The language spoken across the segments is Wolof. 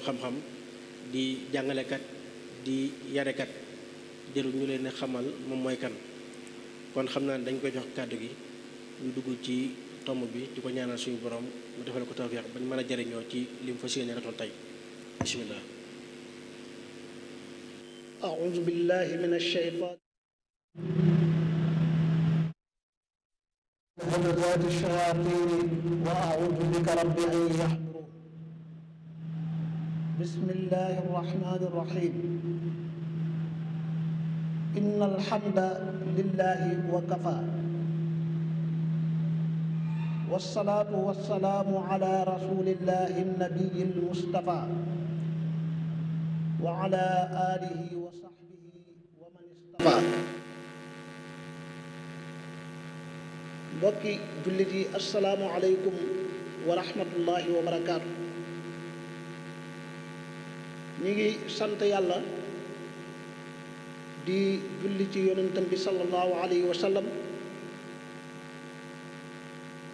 xam-xam di jàngalekat di yarekat jërul ñu leen xamal moom mooy kan kon xam naa ne dañ koy jox kàddu gi ñu dugg ci tomb bi di ko ñaanal suñu boroom mu defal ko tawfeex bañ mën a jariñoo ci li mu fas yéene ratoon tey bismillah أعوذ بالله بسم الله الرحمن الرحيم إن الحمد لله وكفى والصلاة والسلام على رسول الله النبي المصطفى وعلى آله وصحبه ومن اصطفى mbokki jullit yi asalaamu aleykum wa rahmatullahi wa barakaatu ñi ngi sant yàlla di julli ci yonentam bi sallallahu alayhi wa sallam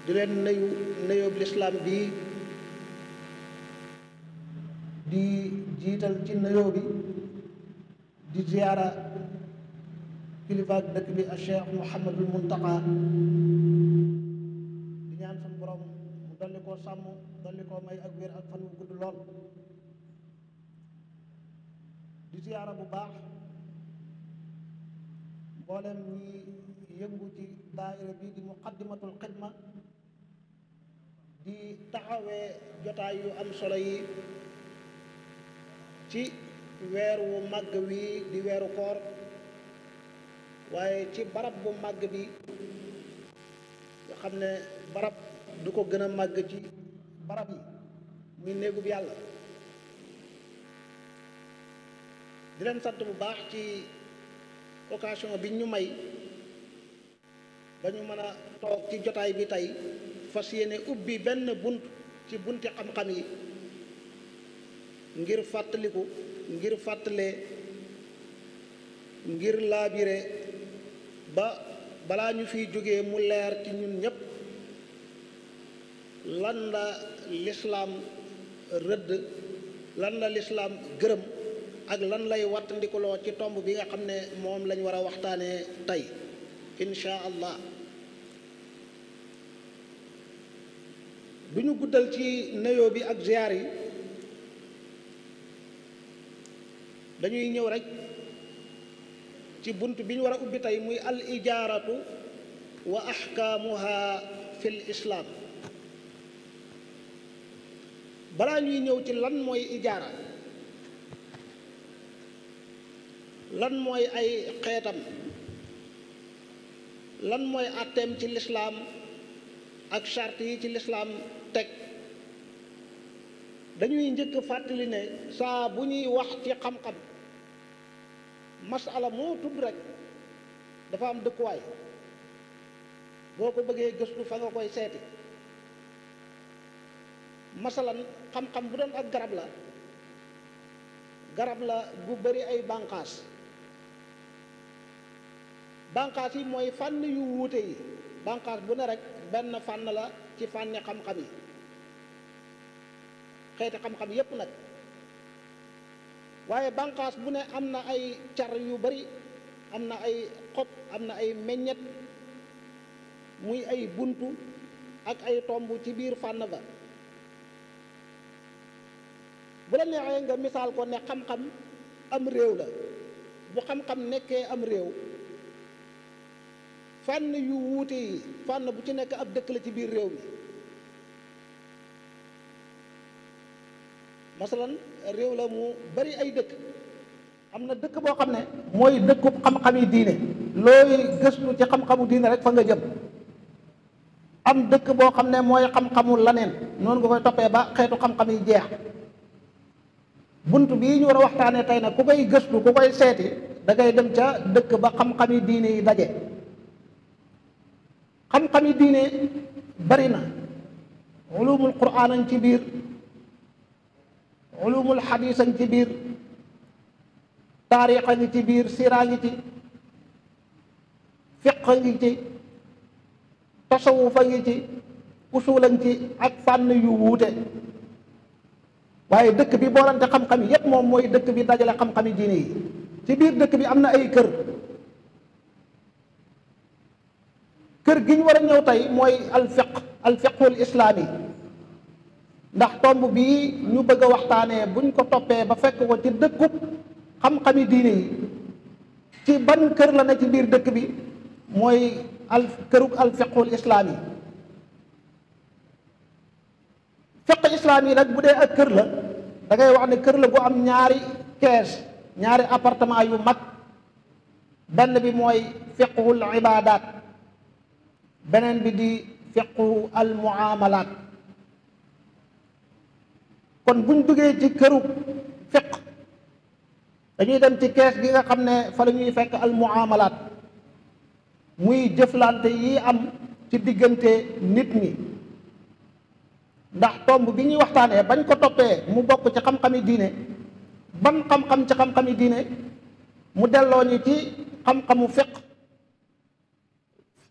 di leen nuyu nuyoob lislaam bi di jiital ci nuyoo bi di ziyaara kilifaak dëkk bi a cheikh Mouhamadul Muntaqa di ñaan suñu borom mu dolli koo sàmm dolli koo may ak wér ak fan wu gudd lool di bu baax mboolem ñi yëngu ci daayira bi di muqaddimatul xidma di taxawee jotaay yu am solo yi ci weer wu màgg wi di weeru koor waaye ci barab bu màgg bi xam ne barab du ko gën a màgg ci barab yi muy néegub yàlla di leen sant bu baax ci occasion bi ñu may dañu mën a toog ci jotaay bi tey fas yéene ubbi benn bunt ci bunti xam-xam yi ngir fàttaliku ngir fàttale ngir laabire ba balaa ñu fiy jógee mu leer ci ñun ñépp lan la lislaam rëdd lan la lislaam gërëm ak lan lay wattandikuloo ci tomb bi nga xam ne moom lañ war a waxtaanee tey insha allah du ñu guddal ci nuyoo bi ak ziar yi dañuy ñëw rekk ci bunt bi ñu war a ubbi tey muy al ijaaratu wa axkaamuha fi l islaam balaa ñuy ñëw ci lan mooy ijaara lan mooy ay xeetam lan mooy àtteem ci lislaam ak charte yi ci lislaam teg dañuy njëkk fàttali ne saa bu ñuy wax ci xam-xam masala moo tudd rek dafa am dëkkuwaay boo ko bëggee gëstu fa nga koy seeti masalan xam-xam bu doon ak garab la garab la bu bari ay bànqaas bànqaas yi mooy fànn yu wuute yi bànqaas bu ne rek benn fànn la ci fànni xam-xam yi xeeti xam-xam yépp nag waaye bànqaas bu ne am na ay car yu bari am na ay xob am na ay meññet muy ay buntu ak ay tomb ci biir fànn ba bu la neexee nga misaal ko ne xam-xam am réew la bu xam-xam nekkee am réew fànn yu wuute yi fànn bu ci nekk ab dëkk la ci biir réew mi masalan réew la mu bari ay dëkk am na dëkk boo xam ne mooy dëkku xam-xami diine looy gëstu ci xam-xamu diine rek fa nga jëm am dëkk boo xam ne mooy xam-xamu laneen noonu nga koy toppee ba xeetu xam-xam yi jeex bunt bii ñu war a waxtaanee tey nag ku koy gëstu ku koy seeti da ngay dem ca dëkk ba xam yi diine yi daje xam-xami diine bari na ulumul quraan añ ci biir ulumul xadiis añ ci biir taarix a ci biir siraa ngi ci fiq a ngi ci tasawuf a ci usul a ci ak fànn yu wuute waaye dëkk bi boolante xam-xam yépp moom mooy dëkk bi dajale xam-xami diine yi ci biir dëkk bi am na ay kër kër gi ñu war a ñëw tey mooy alfiq alfiqul islaami ndax tomb bii ñu bëgg a waxtaanee buñ ko toppee ba fekk ko ci dëkkub xam-xami diine yi ci ban kër la ne ci biir dëkk bi mooy al kërug alfiqul islaami fiq islaami nag bu dee ak kër la da ngay wax ne kër la bu am ñaari kees ñaari appartement yu mag benn bi mooy fiqhul ibaadaat beneen bi di fiqhu al muamalaat kon buñ duggee ci këru fiq dañuy dem ci kees gi nga xam ne fa la ñuy fekk al muamalaat muy jëflante yi am ci diggante nit ñi ndax tomb bi ñuy waxtaanee bañ ko toppee mu bokk ci xam-xami diine ban xam-xam ci xam-xami diine mu delloo ñi ci xam-xamu fiq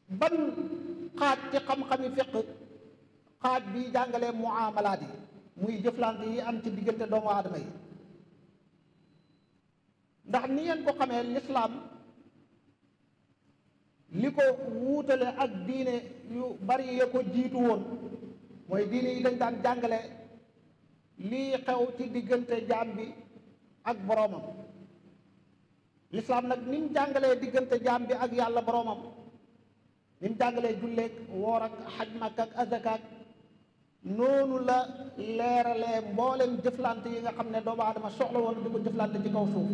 ban xaaj ci xam-xami fiq xaaj bi jàngalee muamalaat yi muy jëflante yi am ci diggante doomu adama yi ndax ni ngeen ko xamee lislaam li ko wuutale ak diine yu bari ya ko jiitu woon mooy diine yi dañ daan jàngale lii xew ci diggante jaam bi ak boroomam lislaam nag ni jàngalee diggante jaam bi ak yàlla boroomam ni mu jàngalee julleeg woor ak xaj ak azaka ak noonu la leeralee mbooleem jëflante yi nga xam ne doomu adama soxla woon di ko jëflante ci kaw suuf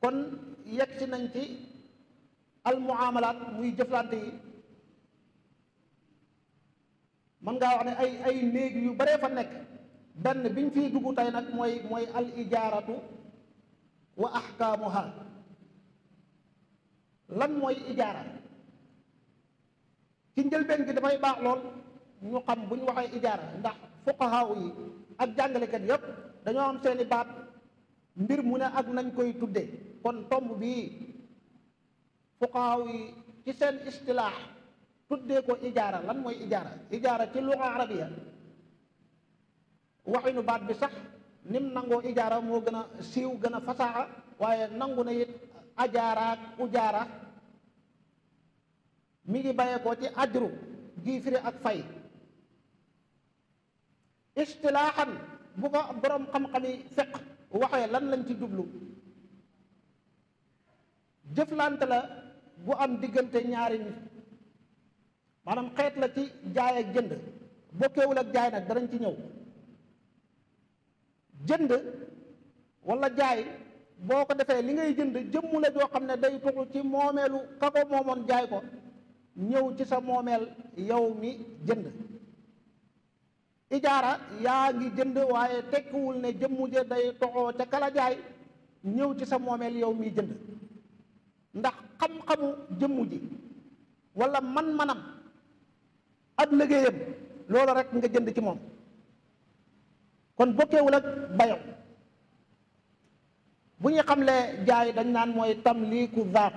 kon yegg si nañ ci almuamalaat muy jëflante yi mën ngaa wax ne ay ay néeg yu bare fa nekk benn biñ fiy dugg tey nag mooy mooy al wa ahkaamuha lan mooy ijaara ci njëlbeen gi dafay baax lool ñu xam bu ñu waxee ijaara ndax fuqahaaw yi ak jàngalekat yépp dañoo am seeni baat mbir mu ne ak nañ koy tudde kon tomb bii fuqahaaw yi ci seen istilaax tuddee ko ijaara lan mooy ijaara ijaara ci luga arabiya nu baat bi sax nim nangoo ijaara moo gën a siiw gën a fasaxa waaye nangu na it ajaaraak ujaara mi ngi bàyyee ko ci ajru gii firi ak fay istilaaxan bu ko boroom xam-xami fiq waxee lan lañ ci dublu jëflante la bu am diggante ñaari nit maanaam xeet la ci jaay ak jënd bokkewul ak jaay nag danañ ci ñëw jënd walla jaay boo ko defee li ngay jënd jëmm la joo xam ne day tuxu ci moomeelu ka ko moomoon jaay ko ñëw ci sa moomeel yow mi jënd ijaara yaa ngi jënd waaye tekkiwul ne jëmmu ja day toxoo ca kala ñëw ci sa moomeel yow mi jënd ndax xam-xamu jëmmu ji walla man-manam ab liggéeyam loolu rekk nga jënd ci moom kon bokkeewul ak bayo bu ñu xamlee jaay dañ naan mooy tamliku zaat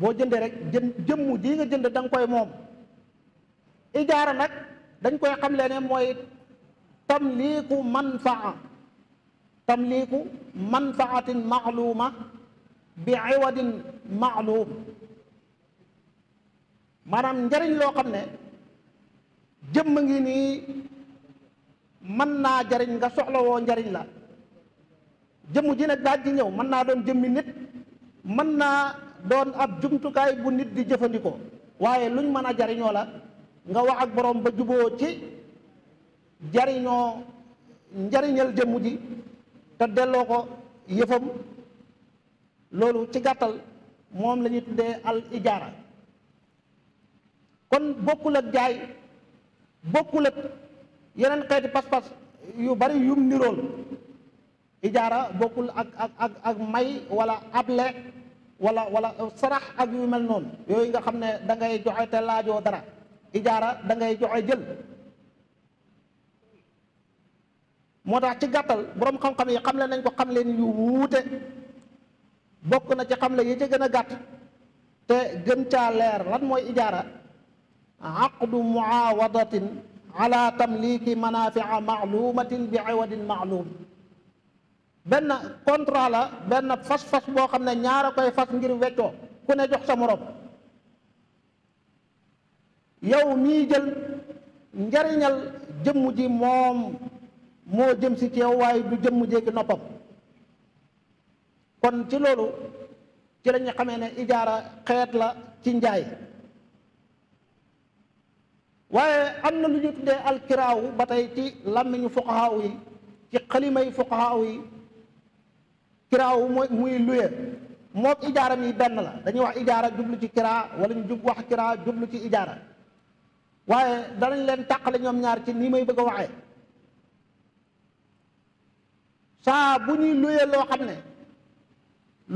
boo jëndee rek jën jëmm ji nga jënd da koy moom ijaara nag dañ koy xamle ne mooy tamliku manfaa tamliku manfaatin maaluma bi iwadin maalum maanaam njariñ loo xam ne jëmm ngi nii mën naa jariñ nga soxlawoo njariñ la jëmm ji nag daaj ji ñëw mën naa doon jëmmi nit mën naa doon ab jumtukaay bu nit di jëfandikoo waaye luñ mën a jariñoo la nga wax ak borom ba juboo ci jariñoo njariñal jëmm ji te delloo ko yëfam loolu ci gàttal moom la ñuy tuddee al ijaara kon bokkul ak jaay bokkul ak yeneen xeeti pas-pas yu bari yum nirool ijaara bokkul ak ak ak may wala able wala wala sarax ak yu mel noonu yooyu nga xam ne dangay ngay joxe te laajoo dara ijaara dangay ngay joxe jël moo tax ci gàttal boroom xam-xam yi xamle nañ ko xam leen yu wuute bokk na ci xamle yi ci gën a gàtt te gën caa leer lan mooy ijaara aqdu muawadatin ala tamliki manafia maalumatin bi iwadin maalum benn contrat la benn fas-fas boo xam ne ñaar koy fas ngir weccoo ku ne jox sa morom yow mii jël njariñal jëmm ji moom moo jëm si ci yow waaye bu jëmm jéegi noppam kon ci loolu ci la xamee ne ijaara xeet la ci njaay waaye am na lu ñu tuddee alkiraawu ba tey ci làmmiñu fuqahaaw yi ci xalimay fuqahaaw yi kiraaw mooy muy luye moom ijaara mi benn la dañuy wax ijaara jublu ci kiraa wala ñu jub wax kiraa jublu ci ijaara waaye danañ leen tàqale ñoom ñaar ci nii may bëgg a waxee saa bu ñuy luye loo xam ne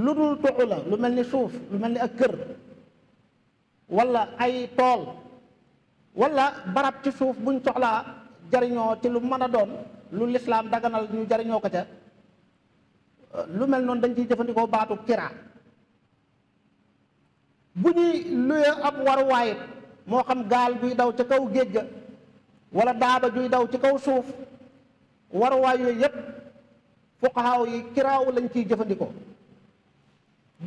lu dul tuxu la lu mel ni suuf lu mel ni ak kër wala ay tool wala barab ci suuf buñ soxlaa jariñoo ci lu mën a doon lu lislaam daganal ñu jariñoo ko ca lu mel noonu dañ ciy jëfandikoo baatu kiraa bu ñuy luye ab waruwaayit moo xam gaal guy daw ca kaw géej ga wala daaba juy daw ci kaw suuf waruwaay yooyu yépp fuqahaaw yi kiraaw lañ ciy jëfandikoo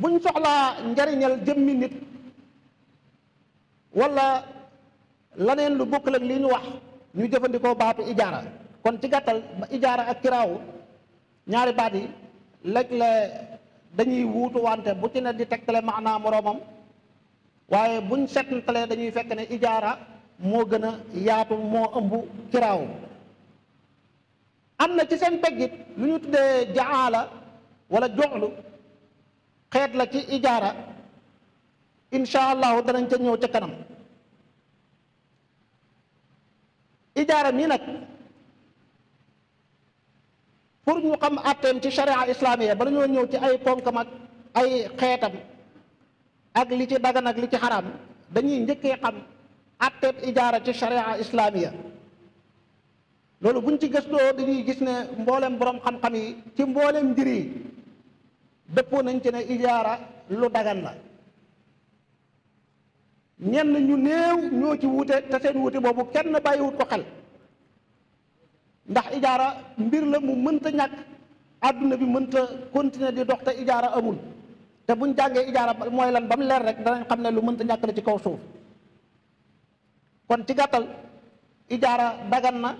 buñ soxlaa njariñal jëmmi nit wala laneen lu bokk ak li ñu wax ñu jëfandikoo baatu ijaara kon ci gàttal ijaara ak kiraaw ñaari baat yi léeg la dañuy wuutuwante bu ci ne di tegtale maanaa moroomam waaye buñ seetlu dañuy fekk ne ijaara moo gën a yaatu moo ëmb kiraaw am na ci seen peggit lu ñu tuddee jaala wala joxlu xeet la ci ijaara incha allahu danañ ca ñëw ca kanam ijaara mii nag pour ñu xam atteem ci sharia islamiya bala ñoo ñëw ci ay ponkam ak ay xeetam ak li ci dagan ak li ci xaraam dañuy njëkkee xam atteem ijaara ci sharia islamiya loolu buñ ci gëstoo dañuy gis ne mboolem boroom xam-xam yi ci mboolem mbir yi dëppoo nañ ci ne ijaara lu dagan la ñenn ñu néew ñoo ci wuute te seen wuute boobu kenn bàyyiwut ko xel ndax ijaara mbir la mu mënta ñàkk àdduna bi mënta continuer di dox te ijaara amul te buñ jàngee ijaara mooy lan ba mu leer rek danañ xam ne lu mënta ñàkk la ci kaw suuf kon ci gàttal ijaara dagan na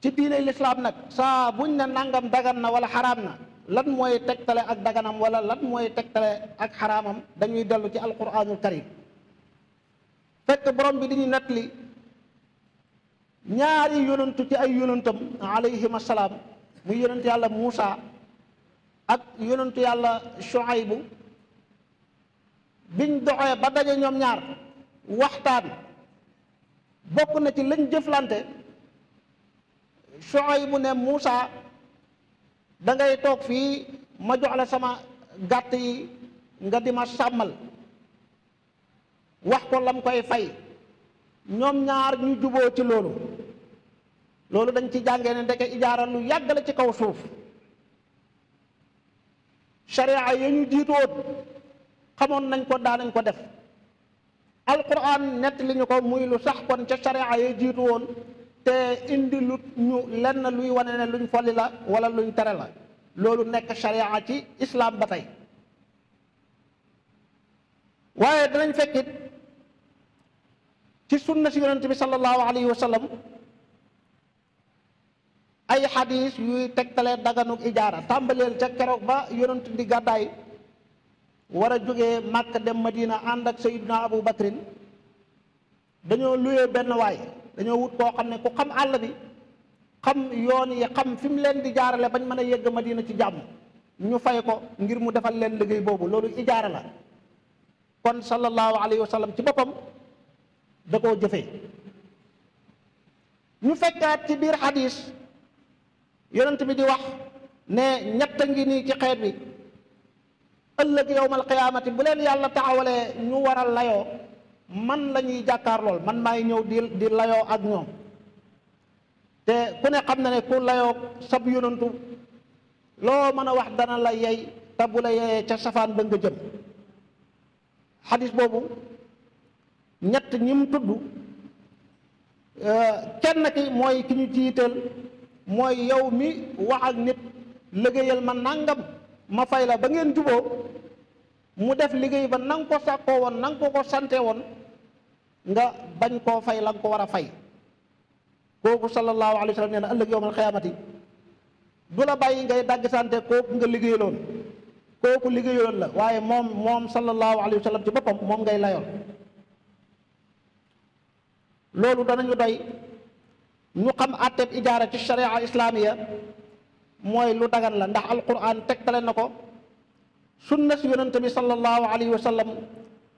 ci diine lislaam nag saa buñ ne nangam dagan na wala xaraam na lan mooy tegtale ak daganam wala lan mooy tegtale ak xaraamam dañuy dellu ci alquranul karim fekk borom bi di ñu nettali ñaari yonantu ci ay yonantam alayhim assalaam muy yonantu yàlla Muusa ak yonantu yàlla Shuaybu biñ doxee ba daje ñoom ñaar waxtaan bokk na ci lañ jëflante bu ne Muusa dangay toog fii ma jox sama gàtt yi nga di ma sàmmal wax ko lam koy fay ñoom ñaar ñu juboo ci loolu loolu dañ ci jàngee ne ndeke ijaara lu yàgg la ci kaw suuf sharia ya ñu jiitoon xamoon nañ ko daa nañ ko def alquran nett li ñu ko muy lu sax kon ca sharia ya jiitu woon te indi lu ñu lenn luy wane ne luñ folli la wala luñ tere la loolu nekk sharia ci islaam ba tey waaye danañ fekkit ci sunna si yonent bi sallallahu alayhi wa sallam ay xadis yuy tegtalee daganuk ijaara tàmbaleel ca keroog ba yonent di gàddaay war a jóge màkk dem madina ànd ak sayiduna abu bakrin dañoo luyee benn waay dañoo wut koo xam ne ku xam àll bi xam yoon yi xam fi mu leen di jaarale bañ mën a yegg madina ci jàmm ñu fay ko ngir mu defal leen liggéey boobu loolu ijaara la kon sallallahu alayhi wa sallam ci boppam da koo jëfee ñu fekkaat ci biir xadis yonent bi di wax ne ñett ngi nii ci xeet bi ëllëg yowmal qiyaamati bu leen yàlla taxawalee ñu waral a layoo man lañuy ñuy jàkkaar lool man maay ñëw di di layoo ak ñoom te ku ne xam na ne ku layoo sab yonantu loo mën a wax dana la yey te bu la yeyee ca safaan ba nga jëm xadis boobu ñett ñim mu tudd euh, kenn ki mooy ki ñu jiiteel mooy yow mi wax ak nit liggéeyal ma nangam ma fay la ba ngeen juboo mu def liggéey ba na ko sàkkoo woon na nga ko ko sante woon nga bañ koo fay la nga ko war a fay kooku sallallahu alayhi wa sallam nee na ëllëg yowmal xiyaamati du la bàyyi ngay dagg sante kooku nga liggéeyaloon kooku liggéeyaloon la waaye moom moom sallallahu alayhi wa sallam ci boppam moom ngay layoon doy ñu xam àtteeb ijaara ci sharia islaamiya mooy lu dagan la ndax alquran tale na ko sunna si yonente bi sallallahu alayhi wa sallam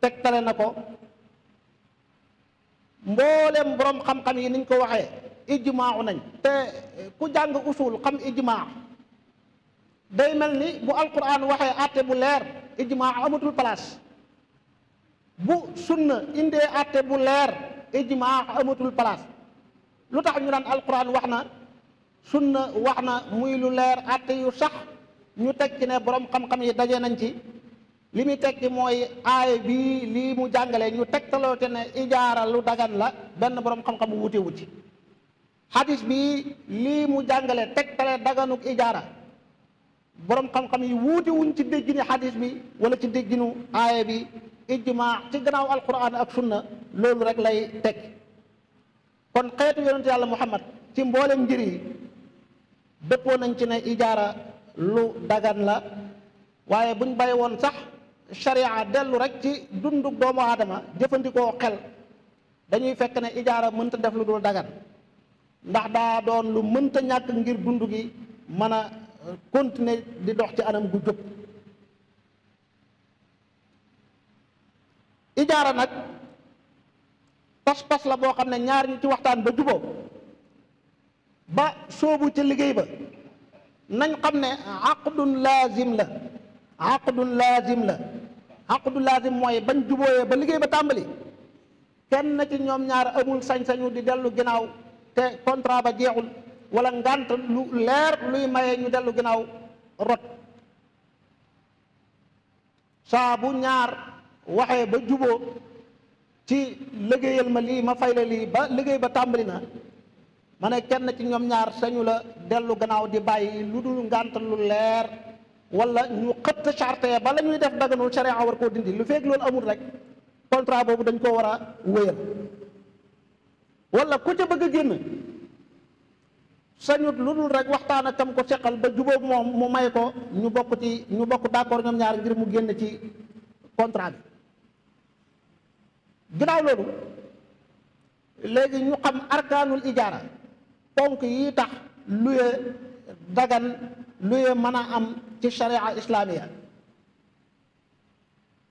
tegtale na ko mboolem borom xam-xam yi niñ ko waxee ijmaaw nañ te ku jàng usul xam ijmaa day mel ni bu alquran waxee àtte bu leer ijmaa amatul place bu sunna indee àtte bu leer ijmaa amatul place lu tax ñu naan alquran wax na sunna wax na muy lu leer àtte yu sax ñu tekki ne borom xam-xam yi daje nañ ci li muy tekki mooy aay bi lii mu jàngale ñu tegtaloote ne ijaara lu dagan la benn borom xam-xam wute wu ci xadis bi lii mu jàngale tegtale daganuk ijaara borom xam-xam yi wuute ci déggi xadis bi wala ci dégginu aaya bi ijmaa ci gannaaw alquran ak sunna loolu rek lay tekki kon xeetu yonent yàlla muhammad ci mboolem njir yi dëppoo nañ ci ne ijaara lu dagan la waaye buñ bàyyi woon sax sharia dellu rek ci dundu doomu aadama jëfandikoo xel dañuy fekk ne ijaara mënta def lu dul dagan ndax daa doon lu mënta ñàkk ngir dund gi mën a continuer di dox ci anam gu jub ijaara nag pas-pas la boo xam ne ñaar ñu ci waxtaan ba juboo ba soobu ci liggéey ba nañ xam ne aqdun laazim la aqdun laazim la aqdun laazim mooy bañ jubooyee ba liggéey ba tàmbali kenn ci ñoom ñaar amul sañ-sañu di dellu ginaaw te contrat ba jeexul wala ngànt lu leer luy maye ñu dellu ginnaaw rot saa ñaar waxee ba juboo ci liggéeyal ma lii ma fay la lii ba liggéey ba tàmbali na ma kenn ci ñoom ñaar sañu la dellu gannaaw di bàyyi lu dul ngànt lu leer wala ñu xëtt charte ba la ñuy def daganul sharia war koo dindi lu feeg loolu amul rek contrat boobu dañ koo war a wéyal wala ku ca bëgg génn sañut lu dul rek waxtaan ak tam ko seqal ba jubóob moom mu may ko ñu bokk ci ñu bokk d'accord ñoom ñaar ngir mu génn ci contrat bi ginnaaw loolu léegi ñu xam arkaanul ijaara ponk yi tax luye dagan luye mën a am ci sharia islaamiya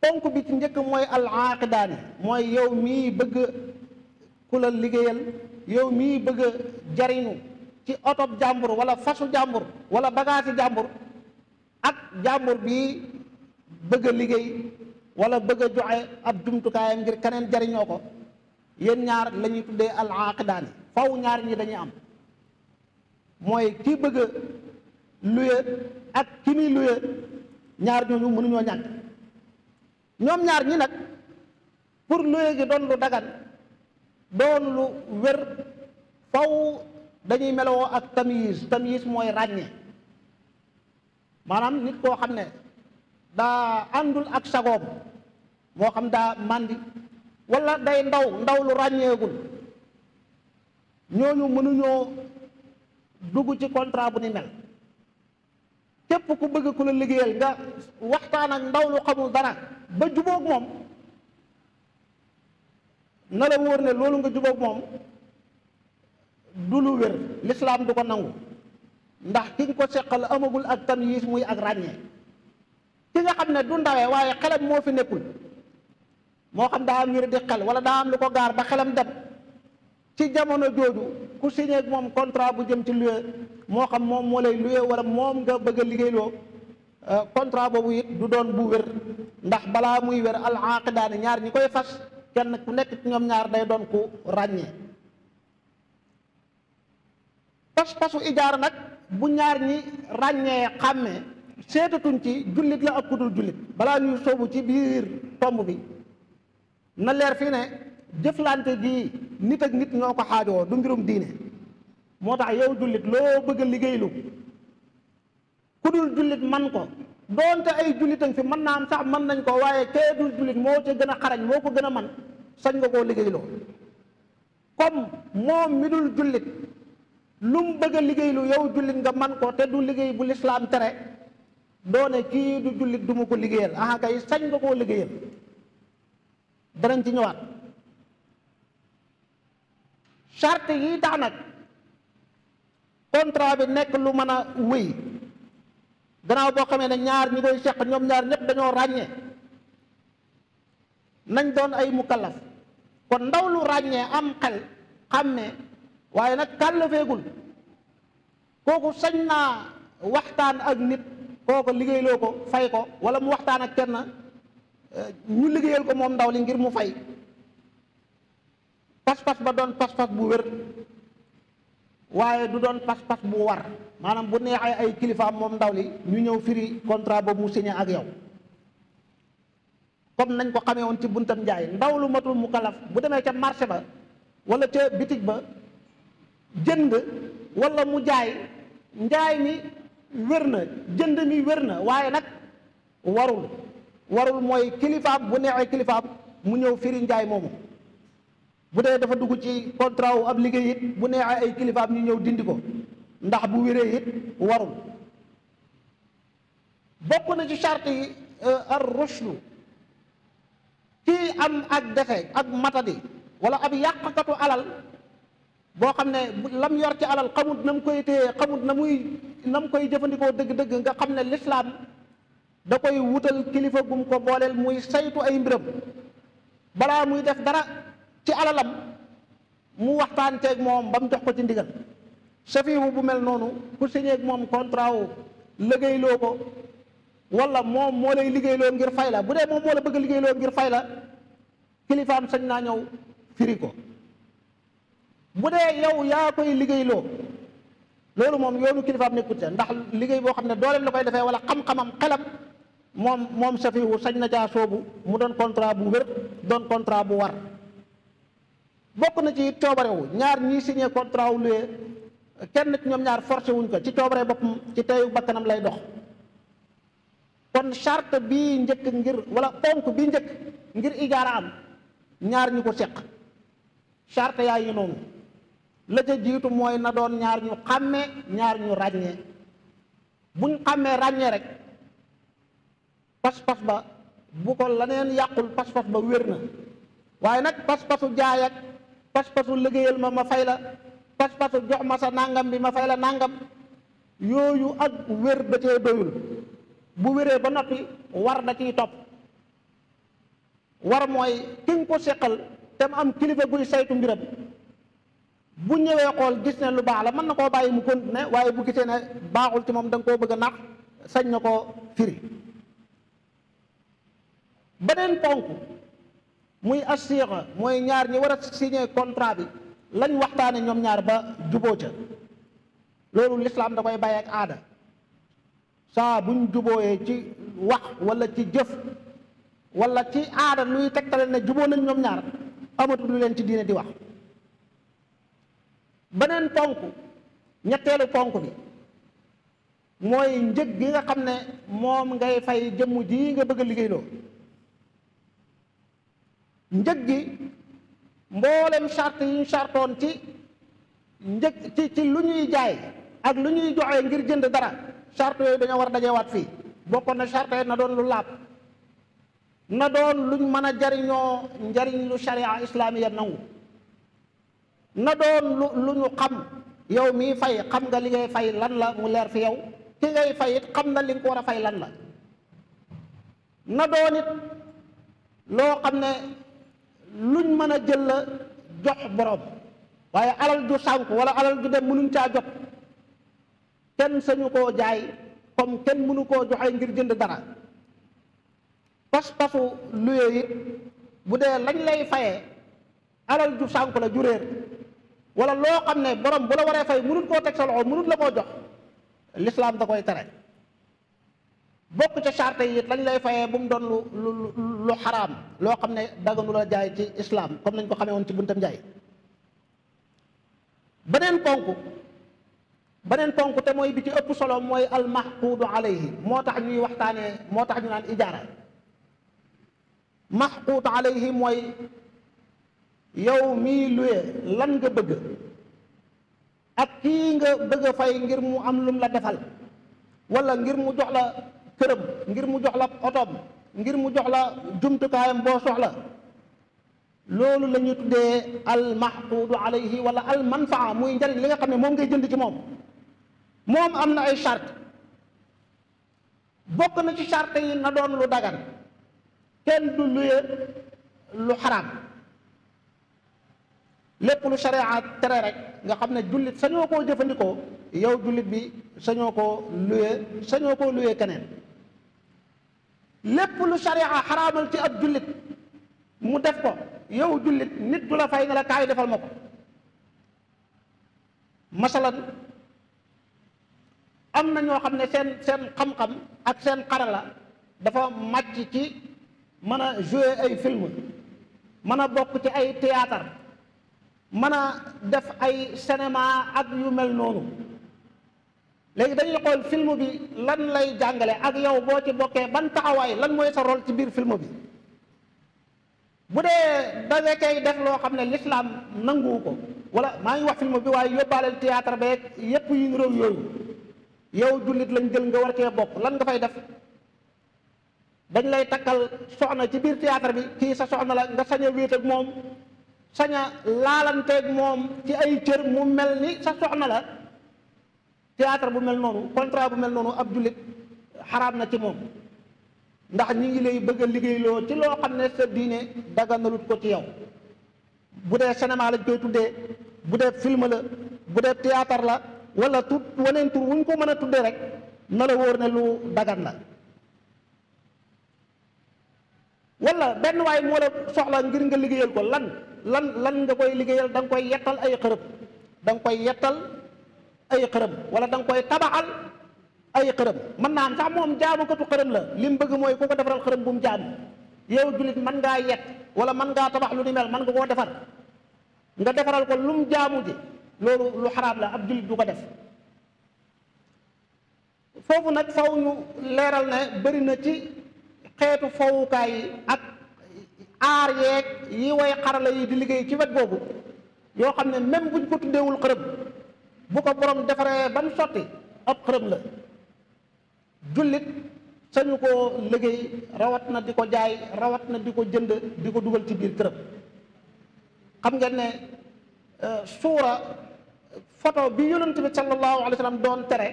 ponk bi ci njëkk mooy al aaqidaani mooy yow mii bëgg ku liggéeyal yow mii bëgg a jariñu ci otob jàmbur wala fasu jàmbur wala bagaasi jàmbur ak jàmbur bii bëgg liggéey wala bëgg a joxe ab jumtukaayam ngir keneen jariñoo ko yéen ñaar lañuy tuddee al aaqidaani faw ñaar ñi dañuy am mooy kii bëgg a luye ak ki muy luye ñaar ñooñu mënuñoo ñàkk ñoom ñaar ñi nag pour luye gi doon lu dagan doon lu wér faw dañuy melowoo ak tamyiz tamyiz mooy ràññe maanaam nit koo xam ne daa àndul ak sagoom moo xam daa màndi wala day ndaw ndaw lu ràññeegul ñooñu mënuñoo dugg ci contrat bu ni mel képp ku bëgg ku la liggéeyal nga waxtaan ak ndaw lu xamul dara ba jubóog moom na la wóor ne loolu nga jubóog moom du lu wér lislaam du ko nangu ndax ki nga ko seqal amagul ak tamyiis muy ak ràññee ki nga xam ne du ndawee waaye xelam moo fi nekkul moo xam daa am wér di xel wala daa am lu ko gaar ba xelam dem ci jamono jooju ku signé moom contrat bu jëm ci luye moo xam moom moo lay luye wala moom nga bëgg a liggéeyloo euh, contrat boobu it du doon bu wér ndax balaa muy wér al aaqidaani ñaar ñi koy fas kenn ku nekk ci ñoom ñaar day doon ku ràññee pas-pasu ijaara nag bu ñaar ñi ràññee xàmmee seetatuñ ci jullit la ak ku jullit balaa ñuy soobu ci biir tomb bi na leer fii ne jëflante gii nit ak nit ñoo ko xaajoo du mbirum diine moo tax yow jullit loo bëgg a liggéeylu ku dul jullit man ko doonte ay jullit a fi mën naa am sax man nañ ko waaye kee dul jullit moo ca gën a xarañ moo ko gën a man sañ nga koo liggéeyloo comme moom mi dul jullit lu mu bëgg a liggéeylu yow jullit nga man ko te du liggéey bu lislaam tere doone kii du jullit du mu ko liggéeyal aha sañ nga koo liggéeyal danañ ci ñëwaat charte yi tax nag contrat bi nekk lu mën a wéy gannaaw boo xamee ne ñaar ñi koy seq ñoom ñaar ñëpp dañoo ràññee nañ doon ay mukallaf kon ndaw lu ràññee am xel xàmmee waaye nag kàllafeegul kooku sañ naa waxtaan ak nit kooku liggéeyloo ko fay ko wala mu waxtaan ak kenn ñu liggéeyal ko moom ndaw li ngir mu fay pas-pas ba doon pas-pas bu wér waaye du doon pas-pas bu war maanaam bu neexee ay kilifaam moom ndaw li ñu ñëw firi contrat boobu mu signé ak yow comme nañ ko xamee woon ci buntam njaay ndaw lu matul mu kalaf bu demee ca marché ba wala ca bitig ba jënd wala mu jaay njaay mi wér na jënd mi wér na waaye nag warul warul mooy kilifaam bu neexee kilifaam mu ñëw firi njaay moomu bu dee dafa dugg ci contrat wu ab liggéey it bu neexee ay kilifaam ñu ñëw dindi ko ndax bu wéree it warul bokk na ci charte yi euh, ar rushdu kii am ak dexe ak matadi wala ab yàqkatu alal boo xam ne lam yor ci alal xamut na mu koy téye xamut na muy na mu koy jëfandikoo dëgg-dëgg nga xam ne lislaam da koy wutal kilifa gum ko booleel muy saytu ay mbiram balaa muy def dara ci alalam mu waxtaan moom ba mu jox ko ci ndigal safiwu bu mel noonu ku signé moom contrat wu liggéeyloo ko wala moom moo lay liggéeyloo ngir fay la bu dee moom moo la ngir fay la kilifaam sañ naa ñëw firi ko bu dee yow yaa koy liggéeyloo loolu moom yoonu kilifaam nekkut ca ndax liggéey boo xam ne dooleem la koy defee wala xam-xamam xelam moom moom safiwu sañ na caa soobu mu doon contrat bu wér doon contrat bu war bokk na ci coobarewu ñaar ñii signé contrat wu luwee kenn ñoom ñaar forcé wuñ ko ci coobare boppam ci teyu bakkanam lay dox kon charte bii njëkk ngir wala ponk bii njëkk ngir ijaara am ñaar ñu ko seq charte yaa yi noonu la ca jiitu mooy na doon ñaar ñu xàmmee ñaar ñu ràññee buñ xàmmee ràññee rek pas-pas ba bu ko laneen yàqul pas-pas ba wér na waaye nag pas-pasu jaay ak pas-pasu liggéeyal ma ma fay la pas-pasu jox ma sa nàngam bi ma fay la nàngam yooyu ak wér da cee doyul bu wéree ba noppi war da ciy topp war mooy ki ko seqal te mu am kilifa guy saytu mbiram bu ñëwee xool gis ne lu baax la mën na koo bàyyi mu continuer waaye bu gisee ne baaxul ci moom danga nga koo bëgg a nax sañ na ko firi beneen ponk muy assira mooy ñaar ñi war a signé contrat bi lañ waxtaane ñoom ñaar ba juboo ca loolu lislaam da koy bàyyi ak aada saa buñ jubooyee ci wax wala ci jëf wala ci aada luy tegtale ne juboo nañ ñoom ñaar amatu leen ci diine di wax beneen ponk ñetteelu ponk bi mooy njëg gi nga xam ne moom ngay fay jëmm ji nga bëgg a liggéeyloo njëg gi mboolem charte yi ñu chartoon ci njëg ci lu ñuy jaay ak lu ñuy joxe ngir jënd dara charte yooyu dañoo war dajewaat fii bokkoon na charte na doon lu laab na doon luñ mën a jariñoo njariñ lu sharia islamiya nangu na doon ñu xam yow mii fay xam nga li fay lan la mu leer fi yow ki ngay fay xam na li war a fay lan la na doon loo xam ne luñ mën a jël la jox borom waaye alal ju sànk wala alal ju dem mënuñ caa jot kenn sañu koo jaay comme kenn mënu koo joxe ngir jënd dara pas-pasu luye it bu dee lañ lay fayee alal ju sanku la ju réer wala loo xam ne borom bu la waree fay mënut koo teg sa loxo mënut la koo jox lislaam da koy tere bokk ca charte yi it lay fayee bu mu doon lu lu lu xaraam loo xam ne daganu la jaay ci islam comme nañ ko xamee woon ci buntam jaay beneen ponk beneen ponk te mooy bi ci ëpp solo mooy almahqudu alayhi moo tax ñuy waxtaanee moo tax ñu naan ijaara mahqud alayhi mooy yow mii luye lan nga bëgg ak kii nga bëgg fay ngir mu am lum la defal wala ngir mu jox la këram ngir mu jox la otoom ngir mu jox la jumtukaayam boo soxla loolu la ñu tuddee almahqudu alayhi wala almanfaa muy njariñ li nga xam ne moom ngay jënd ci moom moom am na ay charte bokk na ci charte yi na doon lu dagan kenn du luye lu xaraam lépp lu sharia tere rek nga xam ne jullit sañoo koo jëfandikoo yow jullit bi sañoo koo luye sañoo koo luye keneen lépp lu sharia xaraamal ci ab jullit mu def ko yow jullit nit du la fay ne la kaay defal ma ko masalan am na ñoo xam ne seen seen xam-xam ak seen xarala dafa màcc ci mën a ay film mën a bokk ci ay théâtre mën a def ay cinéma ak yu mel noonu léegi dañuy xool film bi lan lay jàngale ak yaw boo ci bokkee ban taxawaay lan mooy sa rôle ci biir film bi bu dee da kay def loo xam ne lislaam nanguwu ko wala maa ngi wax film bi waaye yóbbaaleel théâtre beeg yépp yu ñu yooyu yow jullit lañ jël nga war cee bokk lan nga fay def dañ lay takkal soxna ci biir théâtre bi kii sa soxna la nga sañ a wéet moom sañ a moom ci ay cër mu mel ni sa soxna la théâtre bu mel noonu contrat bu mel noonu ab jullit xaraam na ci moom ndax ñi ngi lay bëgg a liggéeyloo ci loo xam ne sa diine daganalut ko ci yow bu dee cinéma lañ koy tuddee bu dee film la bu dee théâtre la wala tut waneen tur wuñ ko mën a tuddee rek na la wóor ne lu dagan la wala benn waay moo la soxla ngir nga liggéeyal ko lan lan lan nga koy liggéeyal danga koy yettal ay xërëb da nga koy yettal ay xërëm wala da nga koy tabaxal ay xërëm mën naa am sax moom jaamukatu xërëm la li mu bëgg mooy ku ko defaral xërëm bu mu jaam yow jullit mën ngaa yet wala mën ngaa tabax lu ni mel mën nga koo defar nga defaral ko lu mu jaamu ji loolu lu xaraam la ab jullit du ko def foofu nag faw ñu leeral ne bëri na ci xeetu fowukaay ak aar yeeg yi way xarala yi di liggéey ci wet boobu yoo xam ne même buñ ko tuddeewul xërëm bu ko borom defaree ba mu sotti ab xërëm la jullit sañu koo liggéey rawat na di ko jaay rawat na di ko jënd di ko dugal ci biir këram xam ngeen ne euh, suura photo bi yonent bi sallallahu alayhi wa tere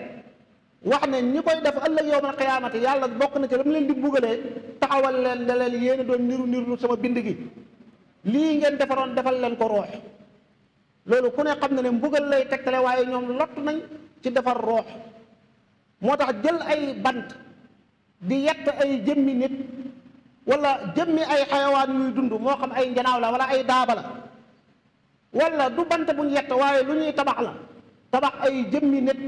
wax ne ñi koy def ëllëg yowmal xiyaamati yàlla bokk na ci la leen di bugalee taxawal leen da leen yéen doon niru niru sama bind gi lii ngeen defaroon defal leen ko roox loolu ku ne xam na ne mbugal lay tegtale waaye ñoom lott nañ ci defar roox moo tax jël ay bant di yett ay jëmmi nit wala jëmmi ay xayawaan yuy dund moo xam ay njanaaw la wala ay daaba la wala du bant buñ yett waaye lu ñuy tabax la tabax ay jëmmi nit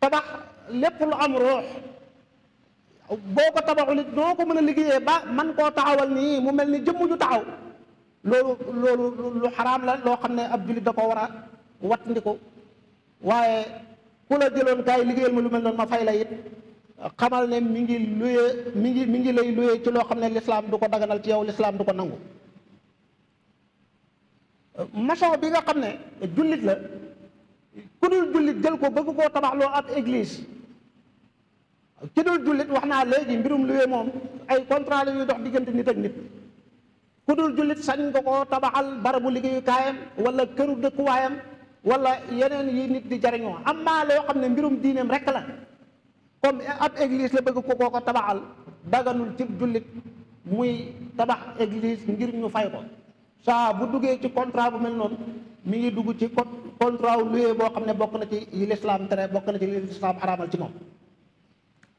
tabax lépp lu am roox boo ko tabaxu it noo ko mën a liggéeyee ba man koo taxawal nii mu mel ni jëmm ju taxaw loolu loolu lu xaraam la loo xam ne ab jullit da ko war a ko waaye ku la jëloon kaay liggéeyal ma lu mel noonu ma fay la it xamal ne mi ngi luyee mi ngi mi ngi lay luyee ci loo xam ne lislaam du ko daganal ci yow lislaam du ko nangu maçon bi nga xam ne jullit la ku dul jullit jël ko bëgg koo tabaxloo ab église ki dul jullit wax naa léegi mbirum luyee moom ay contrat la dox diggante nit ak nit ku dul jullit sañ nga koo tabaxal barabu liggéeyukaayam wala këru dëkkuwaayam wala yeneen yi nit di jariñoo am maa la yoo xam ne mbirum diineem rek la comme ab église la bëgg ko koo ko tabaxal daganul ci jullit muy tabax église ngir ñu fay ko saa bu duggee ci contrat bu mel noonu mu ngi dugg ci contrat loué boo xam ne bokk na ci yi lislaam tere bokk na ci yi lislaam araamal ci moom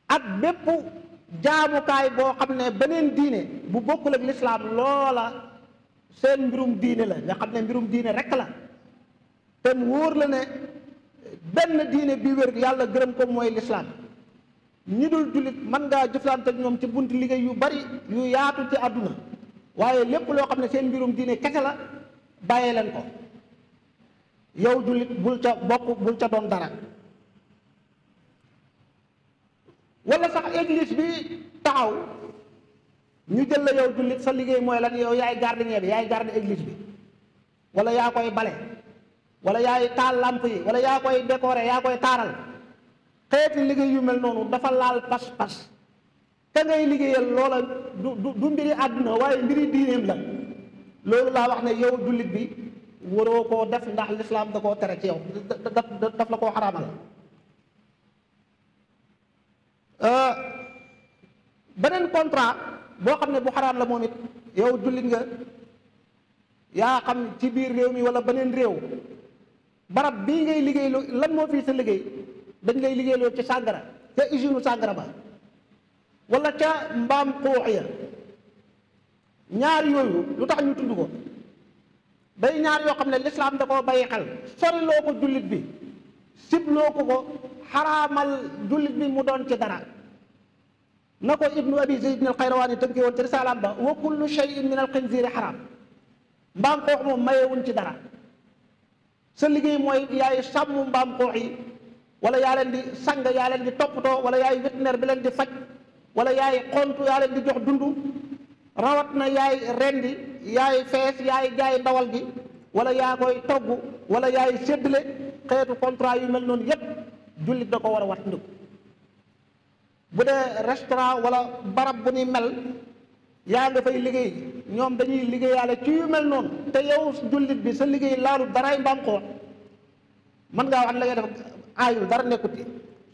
ak bépp jaamukaay boo xam ne beneen diine bu bokk ak lislaam loola seen mbirum diine la nga xam ne mbirum diine rekk la te wóor la ne benn diine bi wér yàlla gërëm ko mooy lislaam ñi dul jullit mën ngaa jëflante ak ñoom ci buntu liggéey yu bari yu yaatu ci àdduna waaye lépp loo xam ne seen mbirum diine kese la bàyyee leen ko yow jullit bul ca bokk bul ca doon dara wala sax église bi taxaw ñu jël la yow jullit sa liggéey mooy lan yow yaay gardien bi yaay garde église bi wala yaa koy bale wala yaay taal làmp yi wala yaa koy décorer yaa koy taaral xeeti liggéey yu mel noonu dafa laal pas-pas ka ngay liggéeyal loola du du mbiri àdduna waaye mbiri diineem la loolu laa wax ne yow jullit bi waroo ko def ndax lislaam da koo tere ci yow daf la koo xaraamal Euh, beneen contrat boo xam ne bu xaraam la moom it yow jullit nga yaa xam ci biir réew mi wala beneen réew barab bii ngay liggéeyloo lan moo fii sa liggéey dañ lay liggéeyloo ci sàngara ca usine sàngara ba wala ca mbaam xuux ya ñaar yooyu lu tax ñu tudd ko day ñaar yoo xam ne lislaam da koo bàyyi xel soriloo ko jullit bi sibloo ko ko xaraamal jullit bi mu doon ci dara na ko ibnu abi zayd al xayrawaani tënkee woon ci risaalaam ba wa kullu shay'in min al xinziiri mbaam koox moom mayewuñ ci dara sa liggéey mooy yaay sam mbaam koox yi wala yaa leen di sang yaa leen di toppatoo wala yaay vétérinaire bi leen di faj wala yaay xontu yaa leen di jox dund rawat na yaay rendi yaay fees yaay jaay ndawal gi wala yaa koy togg wala yaay séddale xeetu contrat yu mel noonu yépp jullit da ko war a wat ndiku bu dee restaurant wala barab bu ni mel yaa nga fay liggéey ñoom dañuy liggéeyaale ci yu mel noonu te yow jullit bi sa liggéey laalu daraay mbaam xool mën ngaa wax la ngay def aayul dara nekkuti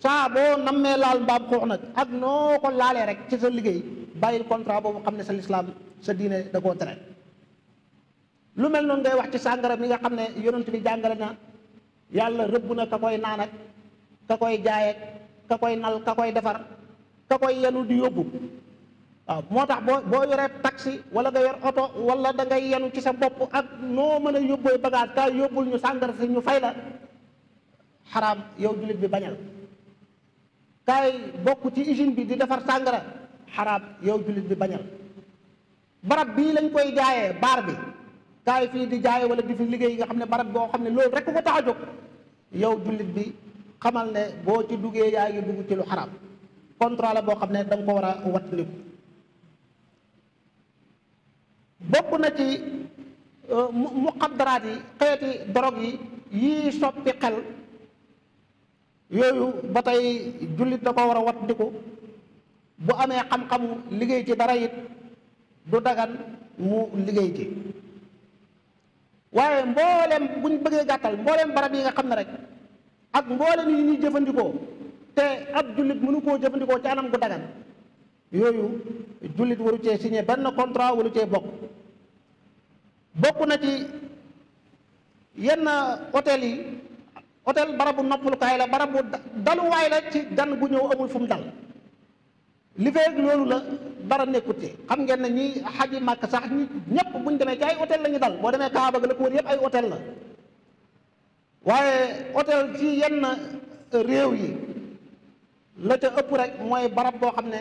saa boo nammee laal mbaam xoox nag ak noo ko laalee rek ci sa liggéey bàyyil contrat boobu xam ne sa lislaam sa diine da koo lu mel noonu ngay wax ci sàngara bi nga xam ne yonent bi jàngale yàlla rëbb na ka koy naan ka koy jaay ak ka koy nal ka koy defar ka koy yenu di yóbbu waaw moo tax boo boo yoree taxi wala nga yor oto wala da yenu ci sa bopp ak noo mën a yóbbooy bagage ka yóbbul ñu sàngara si ñu fay la xaraam yow jullit bi bañal kaay bokk ci usine bi di defar sàngara xaraam yow jullit bi bañal barab bii lañ koy jaayee baar bi kaay fii di jaay wala di fi liggéey yi nga xam ne barab boo xam ne loolu rek ko tax a jóg yow jullit bi xamal ne boo ci duggee yaa ngi dugg ci lu xaraam contrat la boo xam ne da ko war a wattandiku bokk na ci euh, muqaddaraat yi xeeti drogue yi yii soppi xel yooyu ba tey jullit da ko war bu amee xam-xamu liggéey ci dara it du dagan mu liggéey ci waaye mbooleem ñu bëggee gàttal mbooleem barab yi nga xam ne rek ak mboole yi ñuy jëfandikoo te ab jullit mënu koo jëfandikoo ci anam gu dagan yooyu jullit waru cee signé benn contrat waru cee bokk bokk na ci yenn hôtel yi hôtel barabu noppalukaay la barabu daluwaay la ci gan gu ñëw amul fu mu dal li feeg loolu la dara nekkute xam ngeen ne ñi xaji màkk sax ñi ñëpp buñ demee ci ay hôtel la ñu dal boo demee Kaaba ga la ko wër yëpp ay hôtel la waaye hôtel ci yenn réew yi la ca ëpp rek mooy barab boo xam ne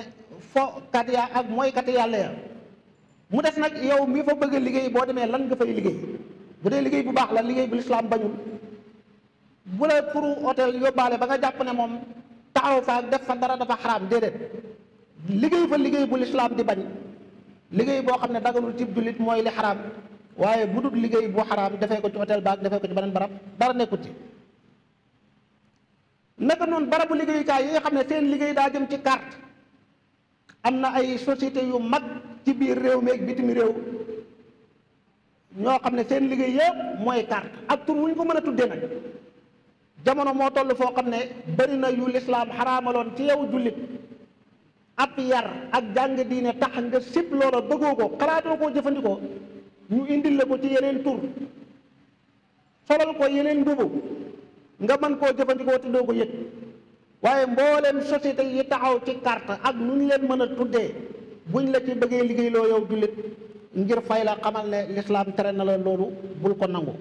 fo kat ak mooy yàlla ya mu des nag yow mi fa bëgg a liggéey boo demee lan nga fay liggéey bu dee liggéey bu baax la liggéey bu lislaam bañul bu la pour hôtel yóbbaale ba nga jàpp ne moom taxaw fa ak def fa dara dafa xaraam déedéet liggéey fa liggéey bu lislaam di bañ liggéey boo xam ne daganul cib jullit mooy li xaraam waaye bu dul liggéey bu xaraam defee ko ci hôtel baag defee ko ci beneen barab dara nekkut ci naka noonu barabu liggéeyukaay yi nga xam ne seen liggéey daa jëm ci carte am na ay societé yu mag ci biir réew mi bitim réew ñoo xam ne seen liggéey yëpp mooy carte ak tur wu ñu ko mën a tuddee nag jamono moo toll foo xam ne bari na yu lislaam xaraamaloon ci yow jullit ab yar ak jàng diine tax nga sib loola bëggoo ko xalaatoo koo jëfandikoo ñu indil la ko ci yeneen tur solal ko yeneen mbubu nga mën koo jëfandikoo te doo ko yëg waaye mbooleem société yi taxaw ci carte ak nu ñu leen mën a tuddee buñ la ci bëggee liggéey loo yow jullit ngir fay la xamal ne lislaam tere na la loolu bul ko nangu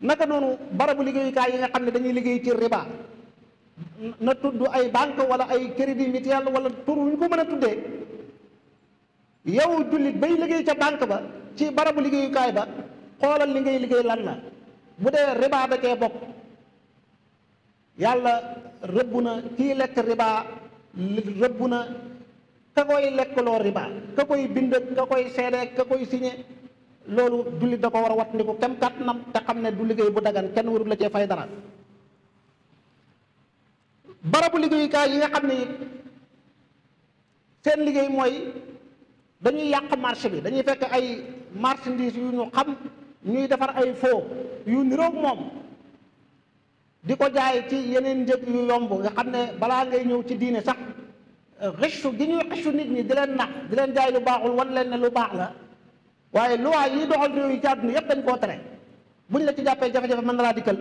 naka noonu barabu liggéeyukaay yi nga xam ne dañuy liggéey ci riba na tudd ay banque wala ay crédit mutuel wala tur wu ñu ko mën a tuddee yow jullit bay liggéey ca banque ba ci barabu liggéeyukaay ba xoolal li ngay liggéey lan la bu dee riba da cee bokk yàlla rëbb na kii lekk riba rëbb na ka koy lekkaloo riba ka koy bind ka koy seede ka koy signé loolu jullit da ko war a wattandiku kem nam te xam ne du liggéey bu daggan kenn warul la cee fay dara barabu liggéeyukaay yi nga xam ne it seen liggéey mooy dañuy yàq marché bi dañuy fekk ay marchandises yu ñu xam ñuy defar ay faux yu niroog moom di ko jaay ci yeneen njëg yu yomb nga xam ne balaa ngay ñëw ci diine sax xëccu euh, gi ñuy xëccu nit ñi di leen nax di leen jaay lu baaxul wan leen ne lu baax la waaye loi yi doxal réew yi ci àdduna yépp dañ koo tere buñ la ci jàppee jafe-jafe mën na laa dikkal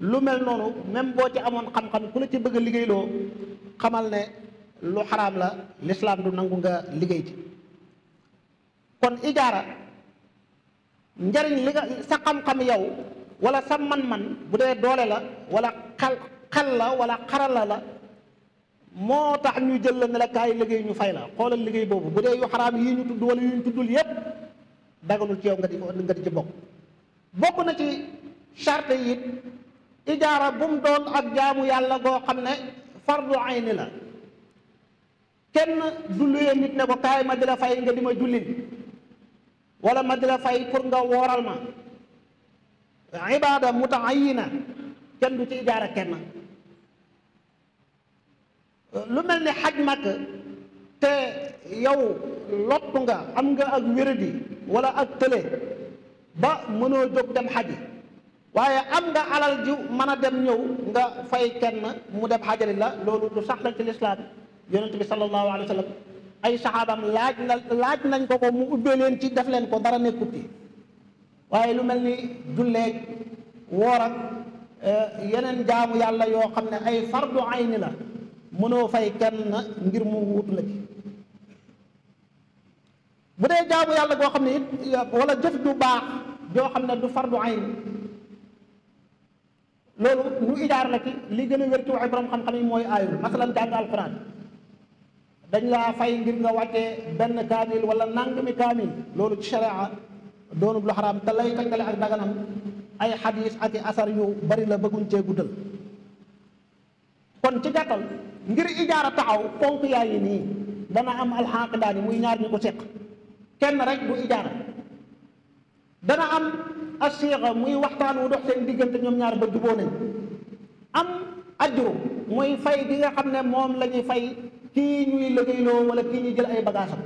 lu mel noonu même boo ci amoon xam-xam ku la ci bëgg a liggéeyloo xamal ne lu xaraam la lislaam du nangu nga liggéey ci kon ijaara njariñ li nga sa xam-xam yow wala sa man-man bu dee doole la wala xal xel la wala xarala la moo tax ñu jël la ne la liggéey ñu fay la xoolal liggéey boobu bu dee yu xaraam yi ñu tudd wala yu ñu tuddul yépp daganul ci yow nga di ci bokk bokk na ci charte yi ijaara bu mu doon ak jaamu yàlla goo xam ne far la kenn du luyee nit ne ko kaay ma di la fay nga di ma jullil wala ma di la fay pour nga wooral ma ibaada mutaayina kenn du ci ijaara kenn lu mel ni xaj màkk te yow lottu nga am nga ak wéradi wala ak tële ba mënoo jóg dem xaji waaye am nga alal ju mën a dem ñëw nga fay kenn mu dem xajali la loolu du sax la ci lislaam yonent bi ay saxaabam laaj na laaj nañ ko ko mu ubbee leen ci def leen ko dara nekkut ci waaye lu mel ni julleeg woor eh, yeneen jaamu yàlla yoo xam ne ay fardu ayni la mënoo fay kenn ngir mu wut la ci dee jaamu yàlla goo xam ne it wala jëf du baax joo xam ne du fardu ayni loolu ñu ijaar la ci li gën a wér ci waxi borom xam-xam yi mooy aayul masalan jàng alquran dañ la fay ngir nga wàccee benn kaamil wala nangami kaamil loolu ci sharia doonub lu xaraam te lay tegtale ak daganam ay xadis ak i asar yu bari la bëgguñ cee guddal kon ci gàttal ngir ijaara taxaw ponk yaa ngi nii dana am alxaaqidaani muy ñaar ñu ko seq kenn rek bu ijaara dana am asiixa muy waxtaan wu dox seen diggante ñoom ñaar ba juboo nañ am ajru muy fay gi nga xam ne moom lañuy fay kii ñuy liggéeyloo wala kii ñuy jël ay bagaasam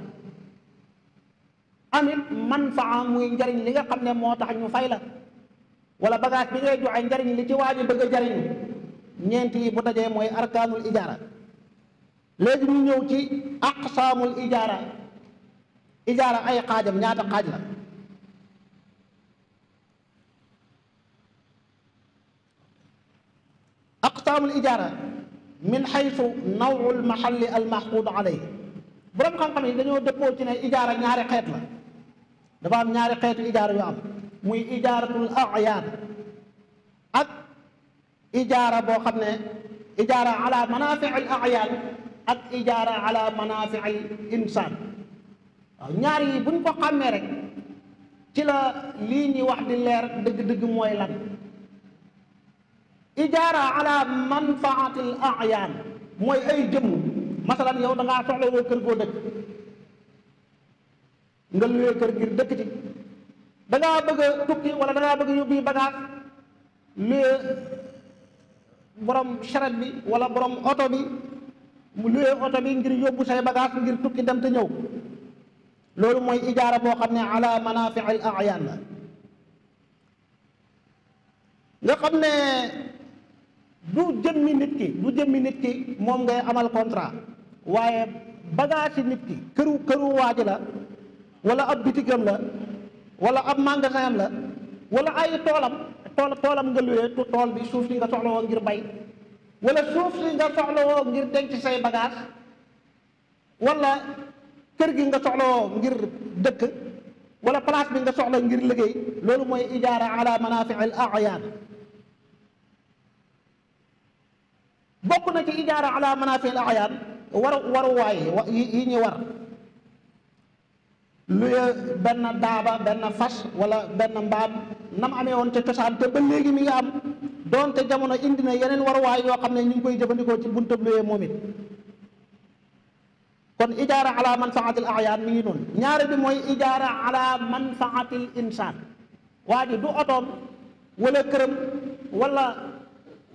amit manfaa muy njariñ li nga xam ne moo tax ñu fay la wala bagage bi ngay joxe njariñ li ci waa ji bëgg a jariñ ñeent yi bu dajee mooy arkaanul ijaara léegi mu ñëw ci aqsaamul ijaara ijaara ay xaajam ñaata xaaj la aqtaamul ijaara min xaytu nawul maxalli al maxquud alay borom xam-xam yi dañoo dëppoo ci ne ijaara ñaari xeet la dafa ñaari xeetu ijaara yu am muy ijaaratul ayaan ak ijaara boo xam ne ijaara ala manaafi al ayaan ak ijaara ala manaafi al insaan waaw ñaar yi buñ ci la lii ñuy wax di leer dëgg-dëgg mooy lan ijaara ala manfaatil ayaan mooy ay jëmm masalan yow da ngaa soxla woo kër goo dëkk nga luwee kër ngir dëkk ci da ngaa tukki wala da ngaa bëgg bagaas luwee borom charrette bi wala borom oto bi mu luwee oto bi ngir yóbbu say bagaas ngir tukki dem te ñëw loolu mooy ijaara moo xam ne ala manaafiil ayaan la nga xam ne du jëmmi nit ki du jëmmi nit ki moom ngay amal contrat waaye bagage yi nit ki këru këru waaji la wala ab bitigam la wala ab magasin la wala ay toolam tool toolam nga luwee tool bi suuf si nga soxlawoo ngir bay wala suuf si nga soxlawoo ngir denc say bagage wala kër gi nga soxlawoo ngir dëkk wala place bi nga soxla ngir liggéey loolu mooy ijaara ala manaafi al bokk na ci ijaara ala manafil ayaan war waru waaye yi ñuy war lu benn daaba benn fas wala benn mbaam nam amee woon ca cosaan te ba léegi mi ngi am doonte jamono indi na yeneen waruwaay yoo xam ne ñu ngi koy jëfandikoo ci bunta luyee moom it kon ijaara ala manfaatil ayaan mi ngi noonu ñaare bi mooy ijaara ala manfaatil insaan du otoom wala këram wala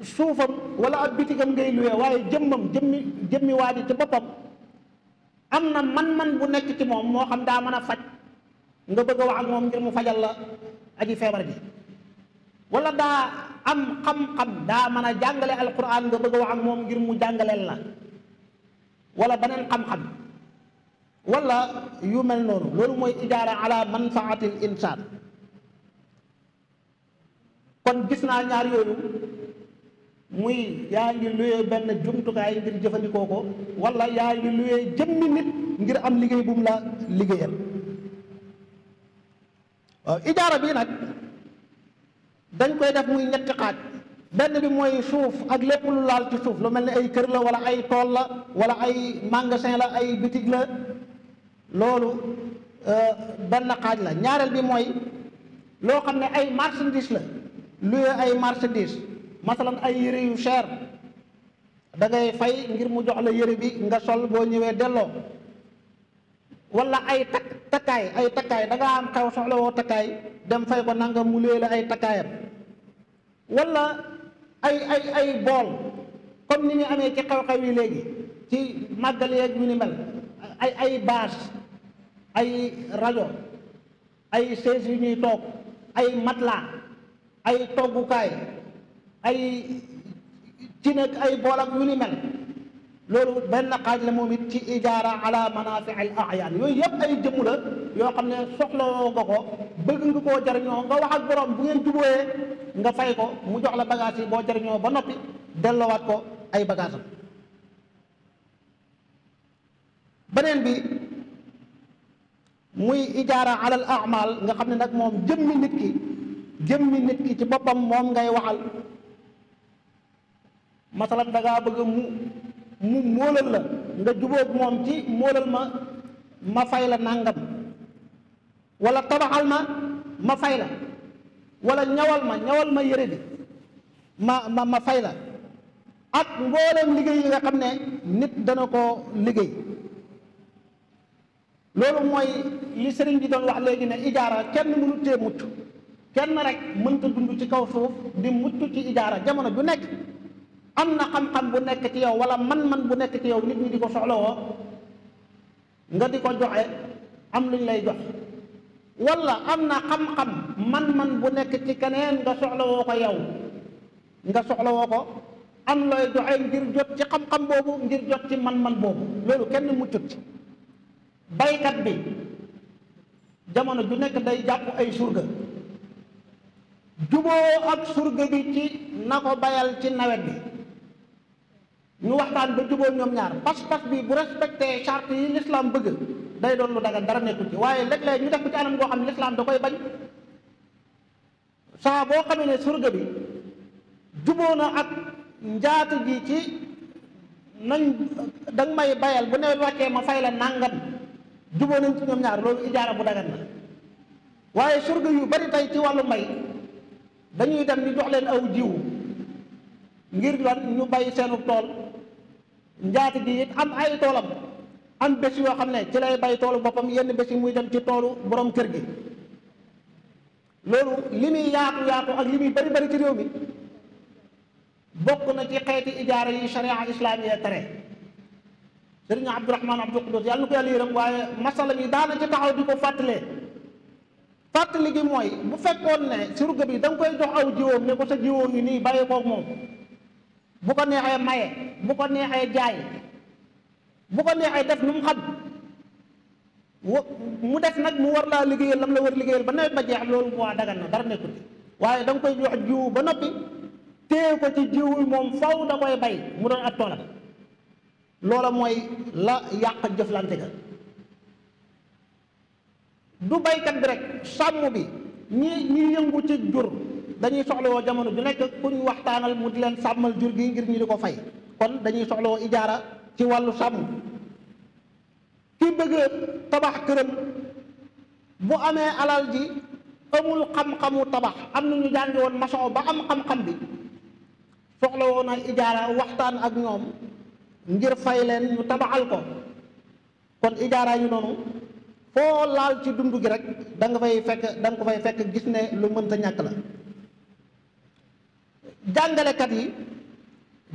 suufam wala ab bitigam ngay luwee waaye jëmmam jëmmi jëmmi waa boppam am na man-man bu nekk ci moom moo xam daa mën a faj nga bëgg a wax ngir mu fajal la aji feebar ji wala daa am xam-xam daa mën a jàngale alquran nga bëgg a wax moom ngir mu jàngaleel la wala beneen xam-xam wala yu mel noonu loolu mooy ijaara ala manfaatil insaan kon gis naa ñaar yooyu muy yaa ngi luye benn jumtukaay ngir jëfandikoo ko wala yaa ngi luye jëmmi nit ngir am liggéey bu mu la liggéeyal ijaara bi nag dañ koy def muy ñetti xaaj benn bi mooy suuf ak lépp lu laal ci suuf lu mel ni ay kër la wala ay tool la wala ay magasin la ay bitig la loolu euh, benn xaaj la ñaareel bi mooy loo xam ne ay marchandise la luye ay marchandise masalan ay yére yu cher dangay ngay fay ngir mu jox la yére bi nga sol boo ñëwee delloo wala ay takk takkaay ay takkaay da ngaa am xew soxla woo takkaay dem fay ko nanga mu lee la ay takkaayam wala ay ay ay bool comme ni ñu amee ci xew-xew yi léegi ci màggal yeeg ñu ni mel ay ay ay rajo ay chaise yu ñuy toog ay matelas ay toggukaay ay ci nekk ay bool ak yu ni mel loolu benn xaaj la moom it ci ijaara ala manaafi al yooyu yëpp ay jëmm la yoo xam ne soxlawoo nga ko bëgg nga koo jariñoo nga wax borom bu ngeen jubóoyee nga fay ko mu jox la bagage yi boo jariñoo ba noppi delloowaat ko ay bagage am beneen bi muy ijaara alal amal nga xam ne nag moom jëmmi nit ki jëmmi nit ki ci boppam moom ngay waxal masalan da ngaa bëgg mu mu móolal la nga jubóog moom ci móolal ma ma fay la nàngam wala tabaxal ma ma fay la wala ñawal ma ñawal ma yére bi ma ma ma fay la ak mbooleem liggéey yi nga xam ne nit dana ko liggéey loolu mooy li sëriñ bi doon wax léegi ne ijaara kenn mënu tee mucc kenn rek mënta dund ci kaw suuf di mucc ci ijaara jamono ju nekk am na xam-xam bu nekk ci yow wala man-man bu nekk ci yow nit ñi di ko soxlawoo nga di ko joxe am luñ lay jox wala am na xam-xam man-man bu nekk ci keneen nga soxlawoo ko yow nga soxlawoo ko am looy joxe ngir jot ci xam-xam boobu ngir jot ci man-man boobu loolu kenn muccut ci baykat bi jamono ju nekk day jàpp ay surga juboo ak surga bi ci na ko bayal ci nawet bi ñu waxtaan ba jubóo ñoom ñaar pas-pas bi bu respecté charte yi l'islam bëgg day doon lu dagan dara nekkul ci waaye léeg-léeg ñu def ko ci anam goo xam ne da koy bañ saa boo xamee ne surga bi jubóo na ak njaati ji ci nañ danga may bayal bu nawet wàccee ma fay la nàngam jubóo nañ ci ñoom ñaar loolu ijaara bu dagan la waaye surga yu bari tey ci wàllu mbay dañuy dem ñu jox leen aw jiw ngir lan ñu bay seenu tool njaati gi it am ay toolam am bés yoo xam ne ci lay bay toolu boppam yenn bés yi muy dem ci toolu boroom kër gi loolu li muy yaatu yaatu ak li muy bari bari ci réew bi bokk na ci xeeti ijaara yi sharia islaamiya tere sëriñ abdourahman abdou qudus yàlla na ko waaye masala mi daana ci taxaw di ko fàttalee fàttali gi mooy bu fekkoon ne surga bi da nga koy jox aw jiwoom ne ko sa jiwoo ngi nii bàyyi koog moom bu ko neexee maye bu ko neexee jaay bu ko neexee def nu mu xam mu def nag mu war laa liggéeyal lam la war liggéeyal ba nawet ba jeex loolu mu waa dagan na dara nekkul waaye da nga koy jox jiwu ba noppi téye ko ci jiwu moom faw da koy bay mu doon ab toolam loola mooy la yàq jëflante ga du baykat bi rek sàmm bi ñi ñi yëngu ci jur dañuy soxlawoo jamono bi nekk ku ñu waxtaanal mu di leen sàmmal jur gi ngir ñu di ko fay kon dañuy soxlawoo ijaara ci wàllu sàmm ki bëgg tabax këram bu amee alal ji amul xam-xamu tabax am na ñu jàngi woon maçon ba am xam-xam bi soxlawoo na ijaara waxtaan ak ñoom ngir fay leen ñu tabaxal ko kon ijaara ñu noonu foo laal ci dund gi rek danga nga fay fekk da ko fay fekk gis ne lu mënta ñàkk la jàngalekat yi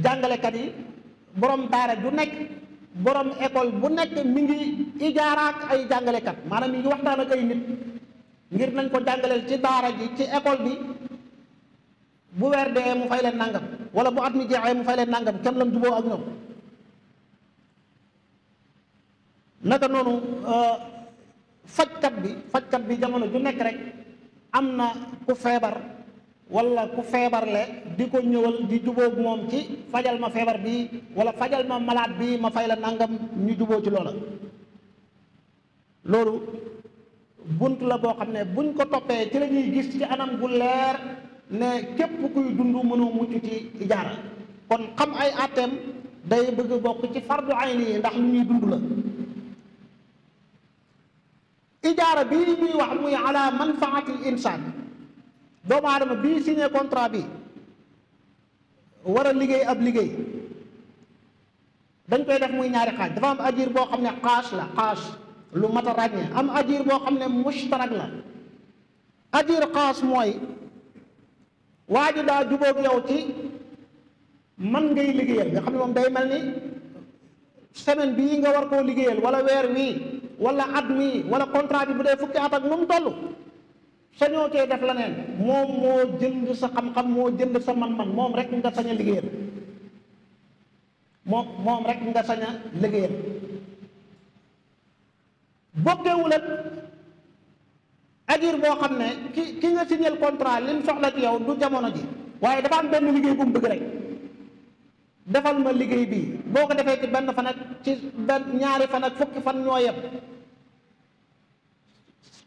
jàngalekat yi boroom daara ju nekk borom école bu nekk mi ngi ijaaraak ay jàngalekat maanaam mi ngi waxtaan ak ay nit ngir nañ ko jàngaleel ci daara ji ci école bi bu weer dee mu fay leen nangam wala bu at mi jeexee mu fay leen nangam kenn du boo ak ñoom naka noonu euh, fajkat bi fajkat bi jamono ju nekk rek am na ku feebar wala ku feebar feebarle di ko ñëwal di jubóog moom ci fajal ma feebar bi wala fajal ma malaat bii ma fay la nangam ñu juboo ci loola loolu bunt la boo xam ne buñ ko toppee ci lañuy gis ci anam gu leer ne képp kuy dund mënoo mucc ci ijaara kon xam ay àtteem day bëgg bokk ci fardu ayni yi ndax lu ñuy dund la ijaara bii ñuy wax muy ala manfaati insaan doomu aadama bii signé contrat bi war a liggéey ab liggéey dañ koy def muy ñaari xaaj dafa am ajir boo xam ne xaas la xaas lu mat a ràññee am ajir boo xam ne mustarak la ajir xaas mooy waa ji daa jubóog yow ci man ngay liggéeyal nga xam ne moom day mel ni semaine bii nga war koo liggéeyal wala weer wii wala at wii wala contrat bi bu dee fukki at ak nu mu sañoo cee def la neen moom moo jënd sa xam-xam moo jënd sa man-man moom rek nga sañ a liggéeyal moom moom rek nga saña a liggéeyal bokkewul boo xam ne ki ki nga signal contrat lim soxla ci yow du jamono ji waaye dafa am benn liggéey bu mu bëgg rek defal ma liggéey bii boo ko defee ci benn fan ak ci benn ñaari fan ak fukki fan ñoo yem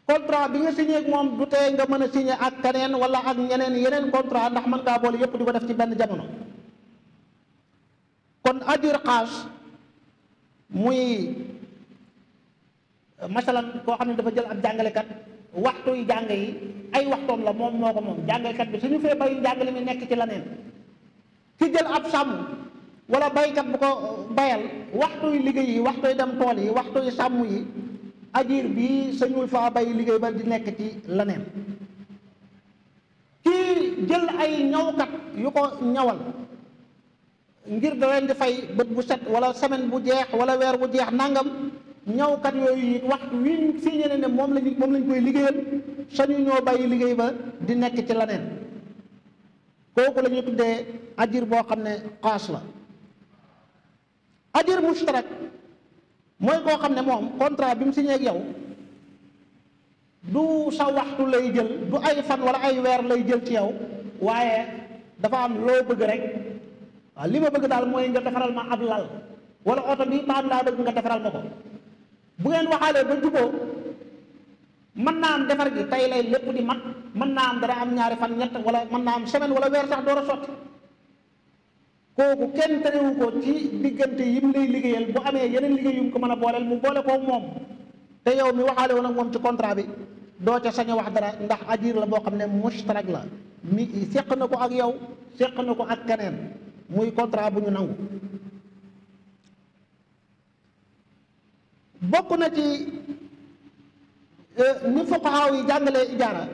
contrat bi nga signé ak moom du tee nga mën a signé ak keneen wala ak ñeneen yeneen contrat ndax mën ngaa boole yépp di ko def ci benn jamono kon ajur xaas muy euh, masalan koo xam ne dafa jël ab jàngalekat waxtu yu jàng yi ay waxtoom la moom moo ko moom jàngalekat bi suñu fee bayu jàngale mi nekk ci leneen ki jël ab sàmm wala baykat bu ko bayal waxtu yu liggéey yi waxtu yu dem tool yi waxtu sàmm yi ajir bii sañul faa bàyyi liggéey ba di nekk ci laneen kii jël ay ñawkat yu ko ñawal ngir da leen fay bët bu set wala semaine bu jeex wala weer bu jeex nangam ñawkat yooyu it waxtu wi fii ñeneen moom lañ moom lañ koy liggéeyal sañu ñoo bàyyi liggéey ba di nekk ci laneen kooku la ñuy tuddee ajir boo xam ne xaas la ajir mushtarak mooy koo xam ne moom contrat bi mu signé ak yow du sa waxtu lay jël du ay fan wala ay weer lay jël ci yow waaye dafa am loo bëgg rek waa li ma bëgg daal mooy nga defaral ma ab lal wala oto bi baam laa bëgg nga defaral ma ko bu ngeen waxaalee ba juboo mën naa am defar gi tey lay lépp di mat mën naa am dara am ñaari fan ñett wala mën naa am semaine wala weer sax door a kooku kenn terewu ko ci diggante yi mu lay liggéeyal bu amee yeneen liggéey yum ko mën a booleel mu boole koo moom te yow mi waxaale woon ak moom ci contrat bi doo ca sañ a wax dara ndax ajir la boo xam ne mushtarak la mi seq na ko ak yow seq na ko ak keneen muy contrat bu ñu nangu bokk na ci euh, ni fuqahaa yi jàngalee ijaara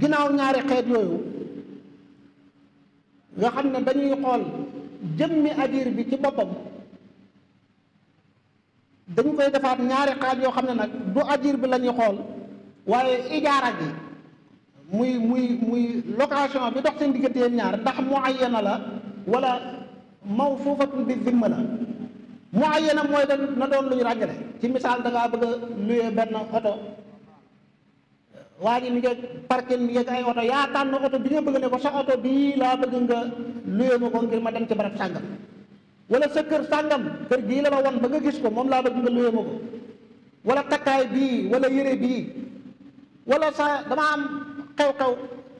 ginnaaw ñaari xeet yooyu nga xam ne dañuy xool jëmmi ajiir bi ci boppam dañ koy defaat ñaari xaaj yoo xam ne nag du ajiir bi la ñuy xool waaye ijaara gi muy muy muy location bi dox seen diggante yéen ñaar ndax muayyana la wala mawfuufatun bi zimma la muayyana mooy dañ na doon lu ñu ràññale ci misaal da ngaa bëgg a luyee benn oto waa ji mi ngeeg parking mi ngeeg ay oto yaa tànn oto bi nga bëgg ne ko sa oto bii laa bëgg nga luyee ma ko ngir ma dem ci barab sàngam wala sa kër sàngam kër gii la ma won ba nga gis ko moom laa bëgg nga luyee ma ko wala takkaay bii wala yére bii wala sa dama am xew-xew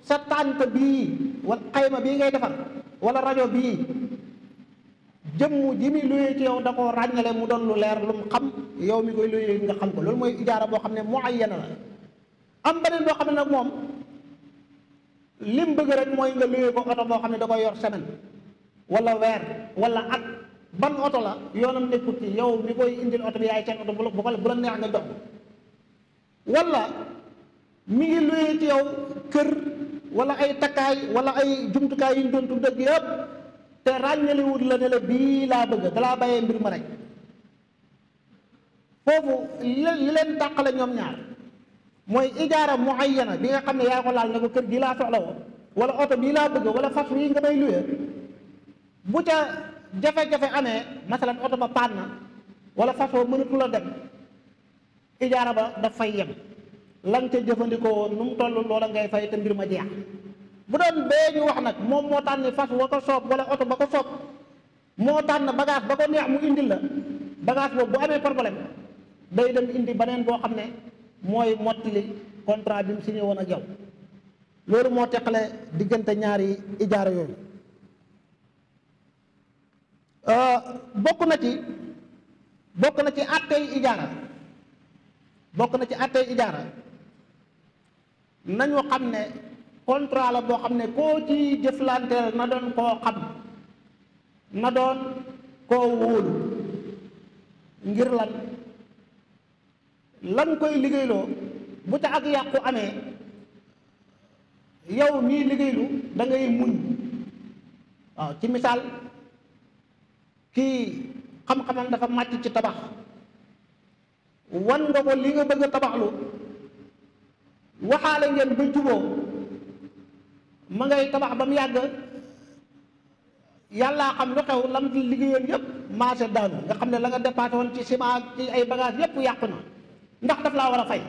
sa tànt bii wala xayma bii ngay defar wala rajo bii jëmm ji muy luyee ci yow da ko ràññale mu doon lu leer lu mu xam yow mi koy luyee nga xam ko loolu mooy ijaara boo xam ne muayyana la am beneen boo xam ne nag moom lim bëgg rek mooy nga luyee ko oto boo xam ne da koy yor semaine wala weer wala at ban oto la yoonam nekkut ci yow mi koy indil oto bi yaay seen oto bu bu ko bu la neex nga ci yow kër ay takkaay wala jumtukaay yu ñu doon tudd te ràññaliwut la ne la bii laa bëgg dalaa bàyyee mbir ma rek foofu li leen tàqale ñoom ñaar. mooy ijaara muayyana bi nga xam ne yaa ko laal nga ko kër gi laa soxla woo wala oto bii laa bëgg wala fas yi nga may luye bu ca jafe-jafe amee masalan oto ba paan na wala fas woo mënatu la dem ijaara ba daf fay yem lan ca jëfandikoo woon nu mu toll loola ngay fay te mbir ma jeex bu doon bee ñu wax nag moom moo tànn fas wa ko soob wala oto ba ko soob moo tànn bagage ba ko neex mu indil la bagage boobu bu amee problème day dem indi beneen boo xam ne mooy mottali contrat bi mu signé woon ak yow loolu moo teqale diggante ñaari ijaara yooyu euh, bokk na ci bokk na ci àttey ijaara bokk na ci àttey ijaara nañu xam ne contrat la boo xam ne koo ci jëflanteel na doon koo xam na doon koo wóolu ngir lan lan koy liggéeyloo bu ca ak yàqu amee yow mii liggéeylu da ngay muñ waaw ci misaal kii xam-xamam dafa màcc ci tabax wan nga ko li nga bëgg a tabaxlu waxaale ngeen ba juboo ma ngay tabax ba mu yàgg yàllaa xam lu xew lam liggéeyoon yépp marché daanu nga xam ne la nga dépassé woon ci ciment ci ay bagage yépp yàqu na ndax daf laa war a fay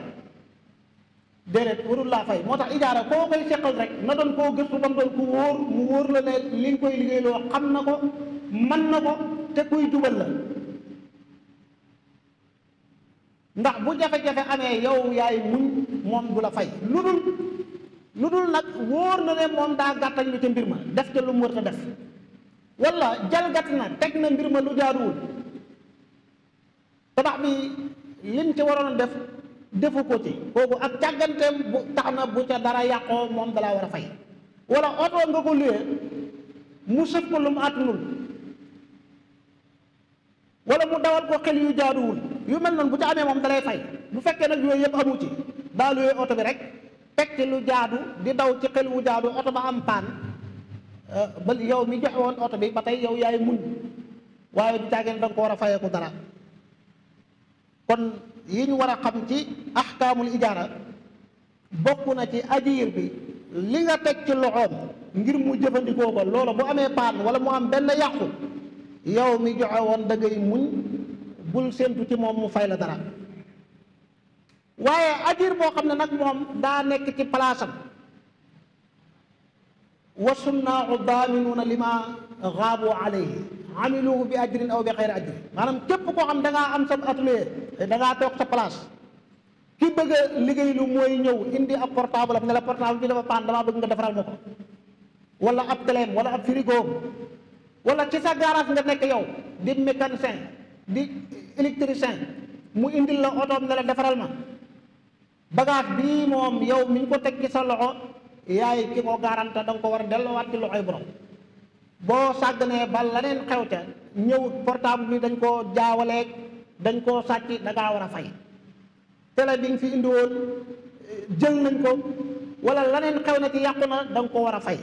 déedéet warul laa fay moo tax ijaara koo koy seqal rek na doon koo gëstu ba mu doon ku wóor mu wóor la ne li nga koy liggéeyloo xam na ko man na ko te kuy jubal la ndax bu jafe-jafe amee yow yaay muñ moom du la fay lu dul lu dul nag wóor na ne moom daa gàttañ lu ca mbir ma def ca lu mu war a def wala jalgat na teg na mbir ma lu jaaduwul tabax bi lim ci waroon def defu ko ci kooku ak càgganteem bu tax na bu ca dara yàqoo moom dalaa war a fay wala oto nga ko luye mu sëf ko lu mu àttanul wala mu dawal ko xel yu jaaduwul yu mel noonu bu ca amee moom dalay fay bu fekkee nag yooyu yëpp amu ci daa luye oto bi rek teg lu jaadu di daw ci xel wu jaadu oto ba am paan euh, ba yow mi joxe woon oto bi ba tey yow yaay muñ waaye du caageen da nga ko war a fayeeku dara kon yi ñu war a xam ci axkaamul ijaara bokk na ci ajiir bi li nga teg ci loxoom ngir mu jëfandikoo ko loola bu amee paan wala mu am benn yàqu yow mi joxe woon da ngay muñ bul séentu ci moom mu fay la dara waaye ajiir boo xam ne nag moom daa nekk ci palaasam wa sunnaaxu daaminuuna li ma xaabu alayhi amiluhu bi ajrin aw bi xayri ajrin maanaam képp koo xam da ngaa am sa atelier da ngaa toog sa place ki bëgg a liggéey lu mooy ñëw indi ab portable am ne la bi dafa paan damaa bëgg nga defaral ma ko wala ab teleem wala ab frigo wala ci sa garage nga nekk yow di mécanicien di électricien mu indil la otoom ne la defaral ma bagage bii moom yow mu ñu ko teg ci sa loxo yaay ki ko garante da nga ko war a delloowaat ci loxoy borom boo sàgganee ba leneen xew ca ñëw portable bi dañ koo jaawaleeg dañ koo sàcc da war a fay télé bi nga fi indi eh, jël nañ ko wala leneen xew na ci yàqu na da nga ko war a fay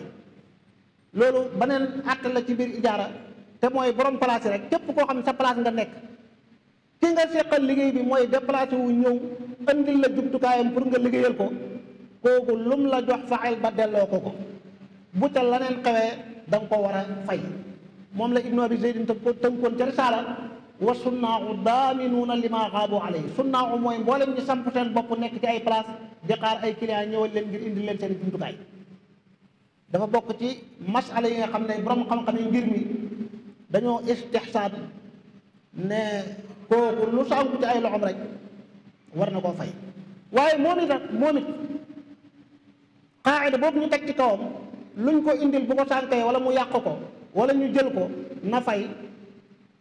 loolu beneen àtt la ci biir ijaara te mooy borom place rek képp koo xam ne sa place nga nekk ki nga seqal liggéey bi mooy déplacé wu ñëw andil la jumtukaayam pour nga liggéeyal ko kooku lum la jox faxel ba delloo ko ko bu ca leneen xewee da nga ko war a fay moom la ibnu abi zeydin te ko tënkoon ca risaala wa sunnaaxu daaminuuna li maa xaabu alayhi sunnaaxu mooy mboolem ñu samp seen bokku nekk ci ay place di xaar ay client ñëwal leen ngir indi leen seen jumtukaay dafa bokk ci masala yi nga xam ne borom xam-xam yi ngir mi dañoo istixsaan ne kooku lu sanku ci ay loxom rek war na koo fay waaye moom it nag moom it boobu ñu teg ci luñ ko indil bu ko sànkee wala mu yàq ko wala ñu jël ko na fay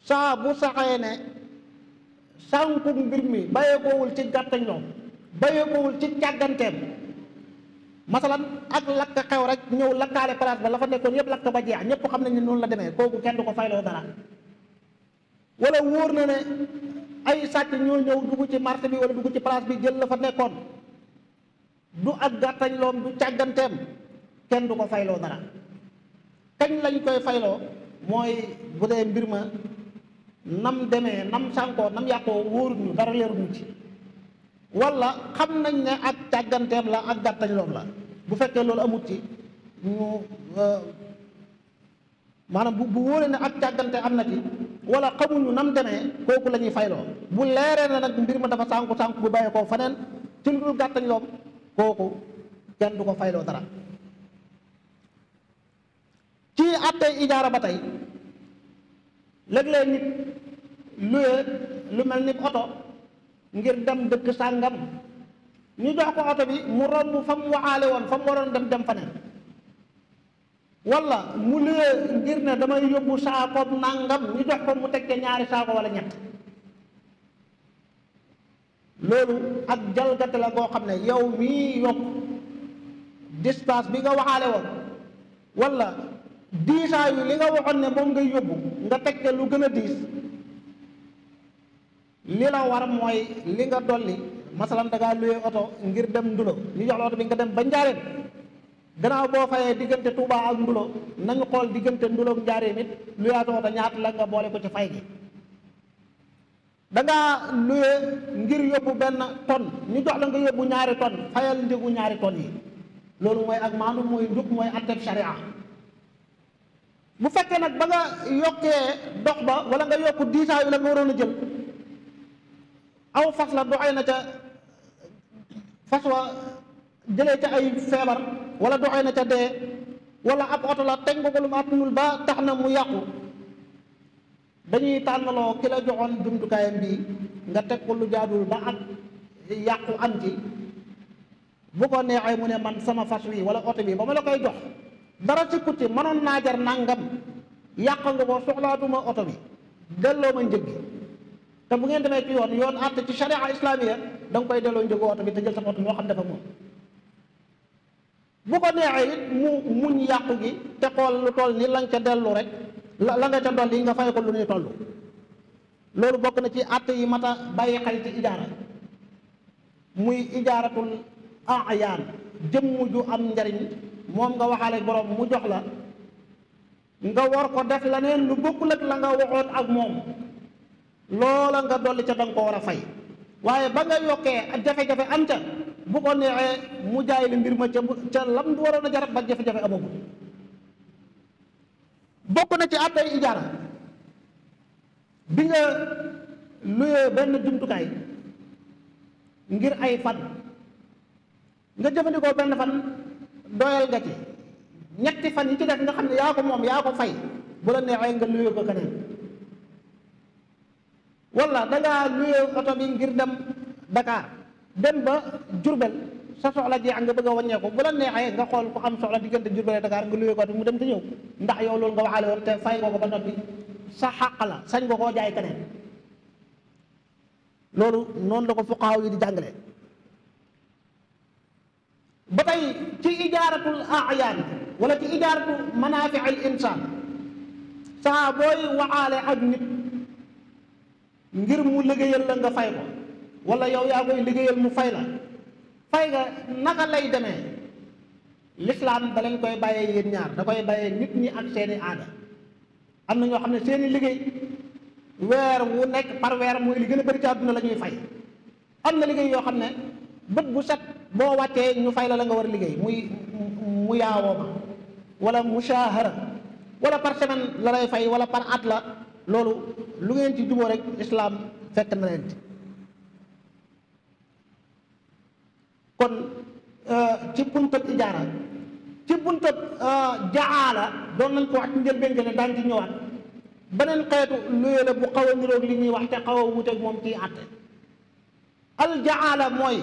saa bu saxee ne sànku mbir mi bàyyeekoowul ci gàttañoo bàyyeekoowul ci càgganteem masalan ak lakk xew rek ñëw lakkaale place ba la fa nekkoon yëpp lakk ba jeex ñëpp xam nañ ne noonu la demee kooku kenn du ko fayloo dara wala wóor na ne ay sàcc ñoo ñëw dugg ci marché bi wala dugg ci place bi jël la fa nekkoon du ak gàttañ loom du càgganteem kenn du ko fayloo dara kañ lañ koy fayloo mooy bu dee mbir ma nam demee nam sànkoo nam yàqoo wóorut ñu dara leerut ñu ci wala xam nañ ne ak càgganteem la ak gàttañ loom la bu fekkee loolu amut ci ñu euh, maanaam bu bu wóoree ne ak càggante am na ci wala xamuñu nam demee kooku lañuy fayloo bu leeree na nag mbir ma dafa sànku sànku bu bàyyi koo faneen ci lu dul gàttañ loom kooku kenn du ko fayloo dara ci àttee ijaara ba tey léeg-léeg nit luye lu mel ni oto ngir dem dëkk sàngam ñu jox ko oto bi mu romb fa mu waxaale woon fa mu waroon dem dem fa ne wala mu luye ngir ne damay yóbbu saakoom nàngam ñu jox ko mu teg ca ñaari saako wala ñett loolu ak jalgate la boo xam ne yow mii yokk distance bi nga waxaale woon wala diisaa li nga waxoon ne moom ngay yóbbu nga teg te lu gën a diis li la war mooy li nga dolli masalan da luye oto ngir dem ndulo ñu jox la oto bi nga dem ba njaareem gannaaw boo fayee diggante Touba ak ndulo nañu xool diggante ndulo ak njaareem it luyaatu la nga boole ko ci gi da ngaa luye benn ton ñu jox la nga yóbbu ñaari ton fayal njëgu ñaari ton yi loolu mooy ak maanu mooy njub mooy atteb sharia bu fekkee nag ba nga yokkee dox ba wala nga yokk diisaayu la nga waroon a jël aw fas la doxee na ca fas wa jëlee ca ay feebar wala doxee na ca dee wala ab oto la teg nga ko lu mu attanul ba na mu yàqu dañuy tànnaloo ki la joxoon jumtukaayam bi nga teg ko lu jaadul ba ak yàqu am ci bu ko neexee mu ne man sama fas wi wala oto bi ba ma la koy jox dara tëkku ci mënoon naa jar nangam yàq nga boo soxlaatuma oto bi delloo ma njëg te bu ngeen demee ci yoon yoon àtte ci sharia islamiya da nga koy delloo njëgu oto bi te jël sa oto ñoo xam dafa moom bu ko neexee it mu muñ yàqu gi te xool lu toll ni la ca dellu rek la la nga ca dolli yi nga fay ko lu ñuy toll loolu bokk na ci àtte yi mata bàyyi xel ci ijaara muy ijaaratul ayaan jëmm ju am njariñ moom nga waxaale borom mu jox la nga war ko def leneen lu bokkul ak la nga waxoon ak moom loola nga dolli ca danga ko war a fay waaye ba nga yokkee jafe-jafe am ca bu ko neexee mu jaay li mbir ma ca lam du waroon a jarat ba jafe-jafe amagul bokk na ci àttay ijaara bi nga luyee benn jumtukaay ngir ay fan nga jëfandikoo benn fan doyal nga ci ñetti fan yi ci def nga xam ne yaa ko moom yaa ko fay bu la neexee nga luyoo ko keneen wala dangaa luyoo oto bi ngir dem Dakar dem ba Jurbel sa soxla jeex nga bëgg a wàññeeku bu la neexee nga xool ku am soxla diggante Jurbel Dakar nga luyoo ko oto mu dem te ñëw ndax yow loolu nga waxaale woon te fay nga ko ba noppi sa xàq la sañ nga koo jaay keneen loolu noonu la ko fuqaaw yi di jàngale ba tey ci ijaaratul ayaan wala ci ijaaratu manaafi al insaan saa booy waxaale ak nit ngir mu liggéeyal la nga fay ko wala yow yaa koy liggéeyal mu fay la fay nga naka lay demee lislaam da leen koy bàyyee yéen ñaar da koy bàyyee nit ñi ak seeni aada am na ñoo xam ne seeni liggéey weer wu nekk par weer mooy li gën a bëri ci àdduna lañuy fay am na liggéey yoo xam ne bët bu set boo wàccee ñu fay la la nga war a liggéey muy mu yaawoo ma wala mushahara par semaine la lay fay wala par at la loolu lu ngeen ci juboo rek islaam fekk na leen ci kon euh, ci buntab ijaara ci buntab euh, jaala doon nañ ko wax ci njëlbéen ne daan ci ñëwaat beneen xeetu luye la bu xaw a niroog li ñuy wax te xaw moom kii àtte al jaala mooy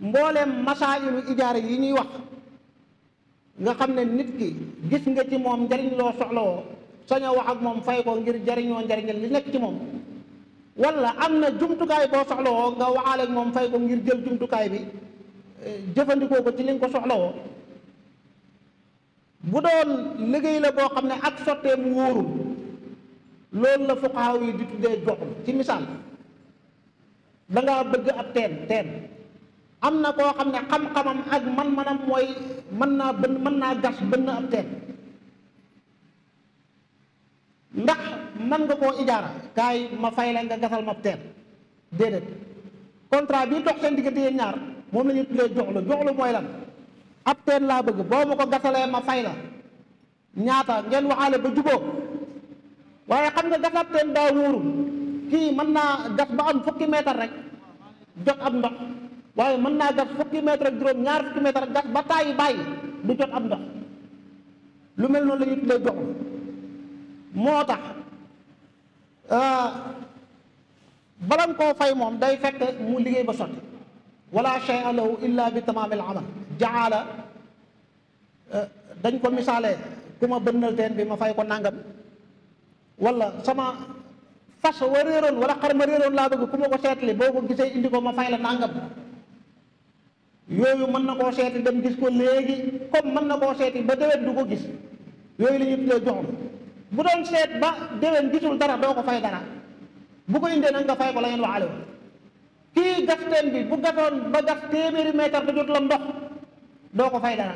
mbooleem masaayilu ijaara yi ñuy wax nga xam ne nit ki gis nga ci moom njariñ loo soxlawoo sañoo wax ak moom fay ko ngir jariñoo njariñal li nekk ci moom wala am na jumtukaay boo soxlawoo nga waxaale moom fay ko ngir jël jumtukaay bi eh, jëfandikoo ko ci li nga ko soxlawoo bu doon liggéey la boo xam ne ak sottee mu wóorul loolu la fuqaaw yi di tuddee joxul ci misaal da ngaa bëgg ab teen teen am na koo xam ne xam-xamam ak man-manam mooy mën naa bënn mën naa gas bënn ab teen ndax man nga koo ijaara kay ma fay la nga gasal ma ab teen déedéet contrat bii dox seen diggante yéen ñaar moom la ñuy tuddee joxlu joxlu mooy lan ab teen laa bëgg boo ma ko gasalee ma fay la ñaata ngeen waxaale ba juboo waaye xam nga gas ab teen daa wóoru kii mën naa gas ba am fukki meetar rek jot ab ndox waaye mën naa gat fukki mètre juróom ñaar fukki mètre ak ba tàyyi bàyyi du jot am ndox lu mel noon la ñuy moo tax euh, balam koo fay moom day fekk mu liggéey ba sotti wala shay'a lahu illa bi tamaamil amal jaala euh, dañ ko misaale ku ma bënnal bi ma fay ko nangam wala sama fas wa réeroon wala xar ma réeroon laa bëgg ku ma ko seetli boo ko gisee indi ko ma fay la nangam yooyu mën na koo seeti dem gis ko léegi comme mën na koo seeti ba déwén du ko gis yooyu la ñuy tuddee joxul bu doon seet ba déwén gisul dara doo ko fay dara bu ko indee nag nga fay ko la ngeen waxale woon kii gas teen bi bu gasoon ba gas téeméeri mètre da jot la ndox doo ko fay dara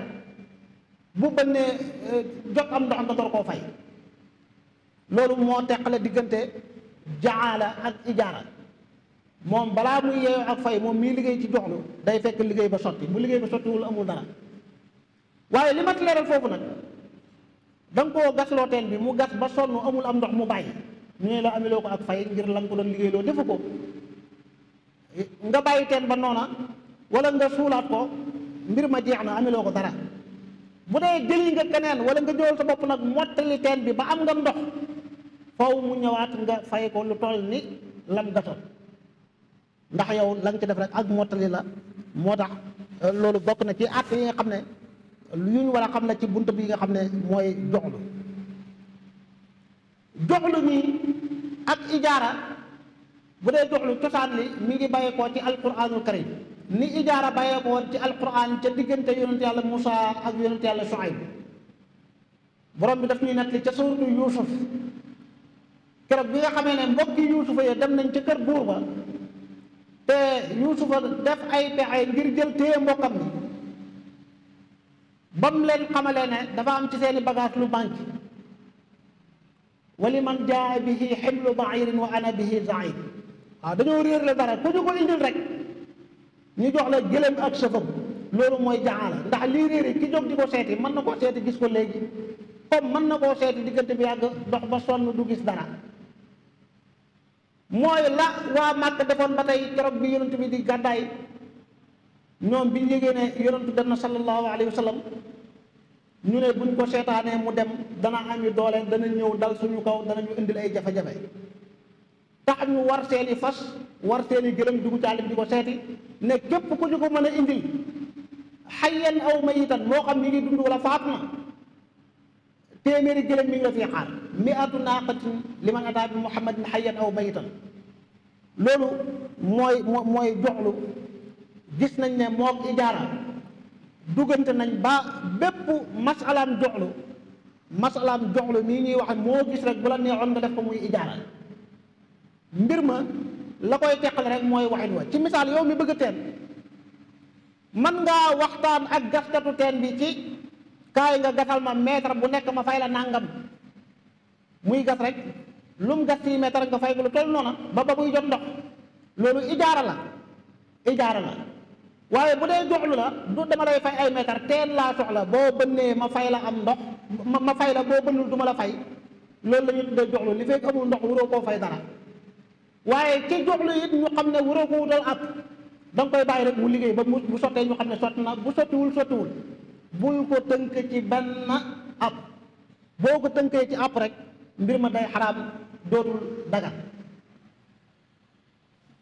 bu bañ ne euh, jot am ndox nga door koo fay loolu moo teqale diggante jaala ak ijaara moom balaa muy yeeyoo ak fay moom mii liggéey ci joxlu day fekk liggéey ba sotti bu liggéey ba sottiwul amul dara waaye li mat leeral foofu nag da nga koo gas loo teen bi mu gas ba sonn amul am ndox mu bàyyi ñu ne la amiloo ko ak fay ngir la ko doon liggéey defu ko nga bàyyi teen ba noona wala nga suulaat ko mbir ma jeex na amiloo ko dara bu dee jëli nga keneen wala nga jóol sa bopp nag mottali teen bi ba am nga ndox foofu mu ñëwaat nga fay ko lu toll ni lam gasoon ndax yow la nga ci def rek ak mottali la moo tax euh, loolu bokk na ci at yi nga xam ne yu ñu war a xam la ci bunt bi nga xam ne mooy joxlu joxlu nii ak ijaara bu dee joxlu cosaan li mi ngi bàyyeekoo ci alquranul karim ni ijaara bàyyeekoo ci alquran ca diggante yonent yàlla Moussa ak yonent yàlla Shuayb borom bi daf ñuy nettali ca suuratu Yuusuf keroog bi nga xam ne mbokki Yuusufa ya dem nañ ca kër buur ba te yuusufa def ay pexe ngir jël téye mbokkam bi ba leen xamalee ne dafa am ci seeni bagage lu manqué wali man jaa bihi ximlu bairin wa ana bihi zaid waaw dañoo réer la dara ku ñu ko indil rek ñu jox la gëléem ak sëfam loolu mooy jaxala ndax lii réeri ki jóg di ko seeti mën na koo seeti gis ko léegi comme mën na koo seeti diggante bi yàgg dox ba sonn du gis dara mooy la waa Màkka defoon ba tey keroog bi yonent bi di gàddaay ñoom bi ñu yégée ne yonentu dem na sallallahu alayhi wa sallam ñu ne buñ ko seetaanee mu dem dana am yu doole dana ñëw dal suñu kaw dana ñu indil ay jafe-jafe tax ñu war seeni fas war seeni gëlëm dugg ci àll bi di ko seeti ne képp ku ñu ko mën a indil xayyan aw mayitan moo xam mi ngi dund wala faat na téeméeri gëlëm mi ngi la fi xaar miatu naaqatin li man ataa bi muhammadin hayyan aw mayitan loolu mooy mooy joxlu gis nañ ne moog ijaara duggante nañ ba bépp masalaam joxlu masalaam joxlu mii ñuy wax moo gis rek bu la neexoon nga def ko muy ijaara mbir ma la koy teqale rek mooy waxin wa ci misaal yow mi bëgg teen mën ngaa waxtaan ak gaskatu teen bi ci kaay nga gasal ma mètre bu nekk ma fay la nàngam muy gas rek lu mu gas ci mètre nga fay lu toll noona ba ba muy jot ndox loolu ijaara la ijaara la waaye bu dee joxlu la du dama lay fay ay mètre teen laa soxla boo bënnee ma fay la am ndox ma fay la boo bënnul du ma la fay loolu la ñuy tuddee joxlu li fekk amul ndox wuroo koo fay dara waaye ci joxlu it ñu xam ne wuroo ko wutal ak da nga koy bàyyi rek mu liggéey ba mu bu sottee ñu xam ne sotti bu sottiwul sottiwul bul ko tënk ci benn ab boo ko tënkee ci ab rek mbir ma day xaraam dootul dagan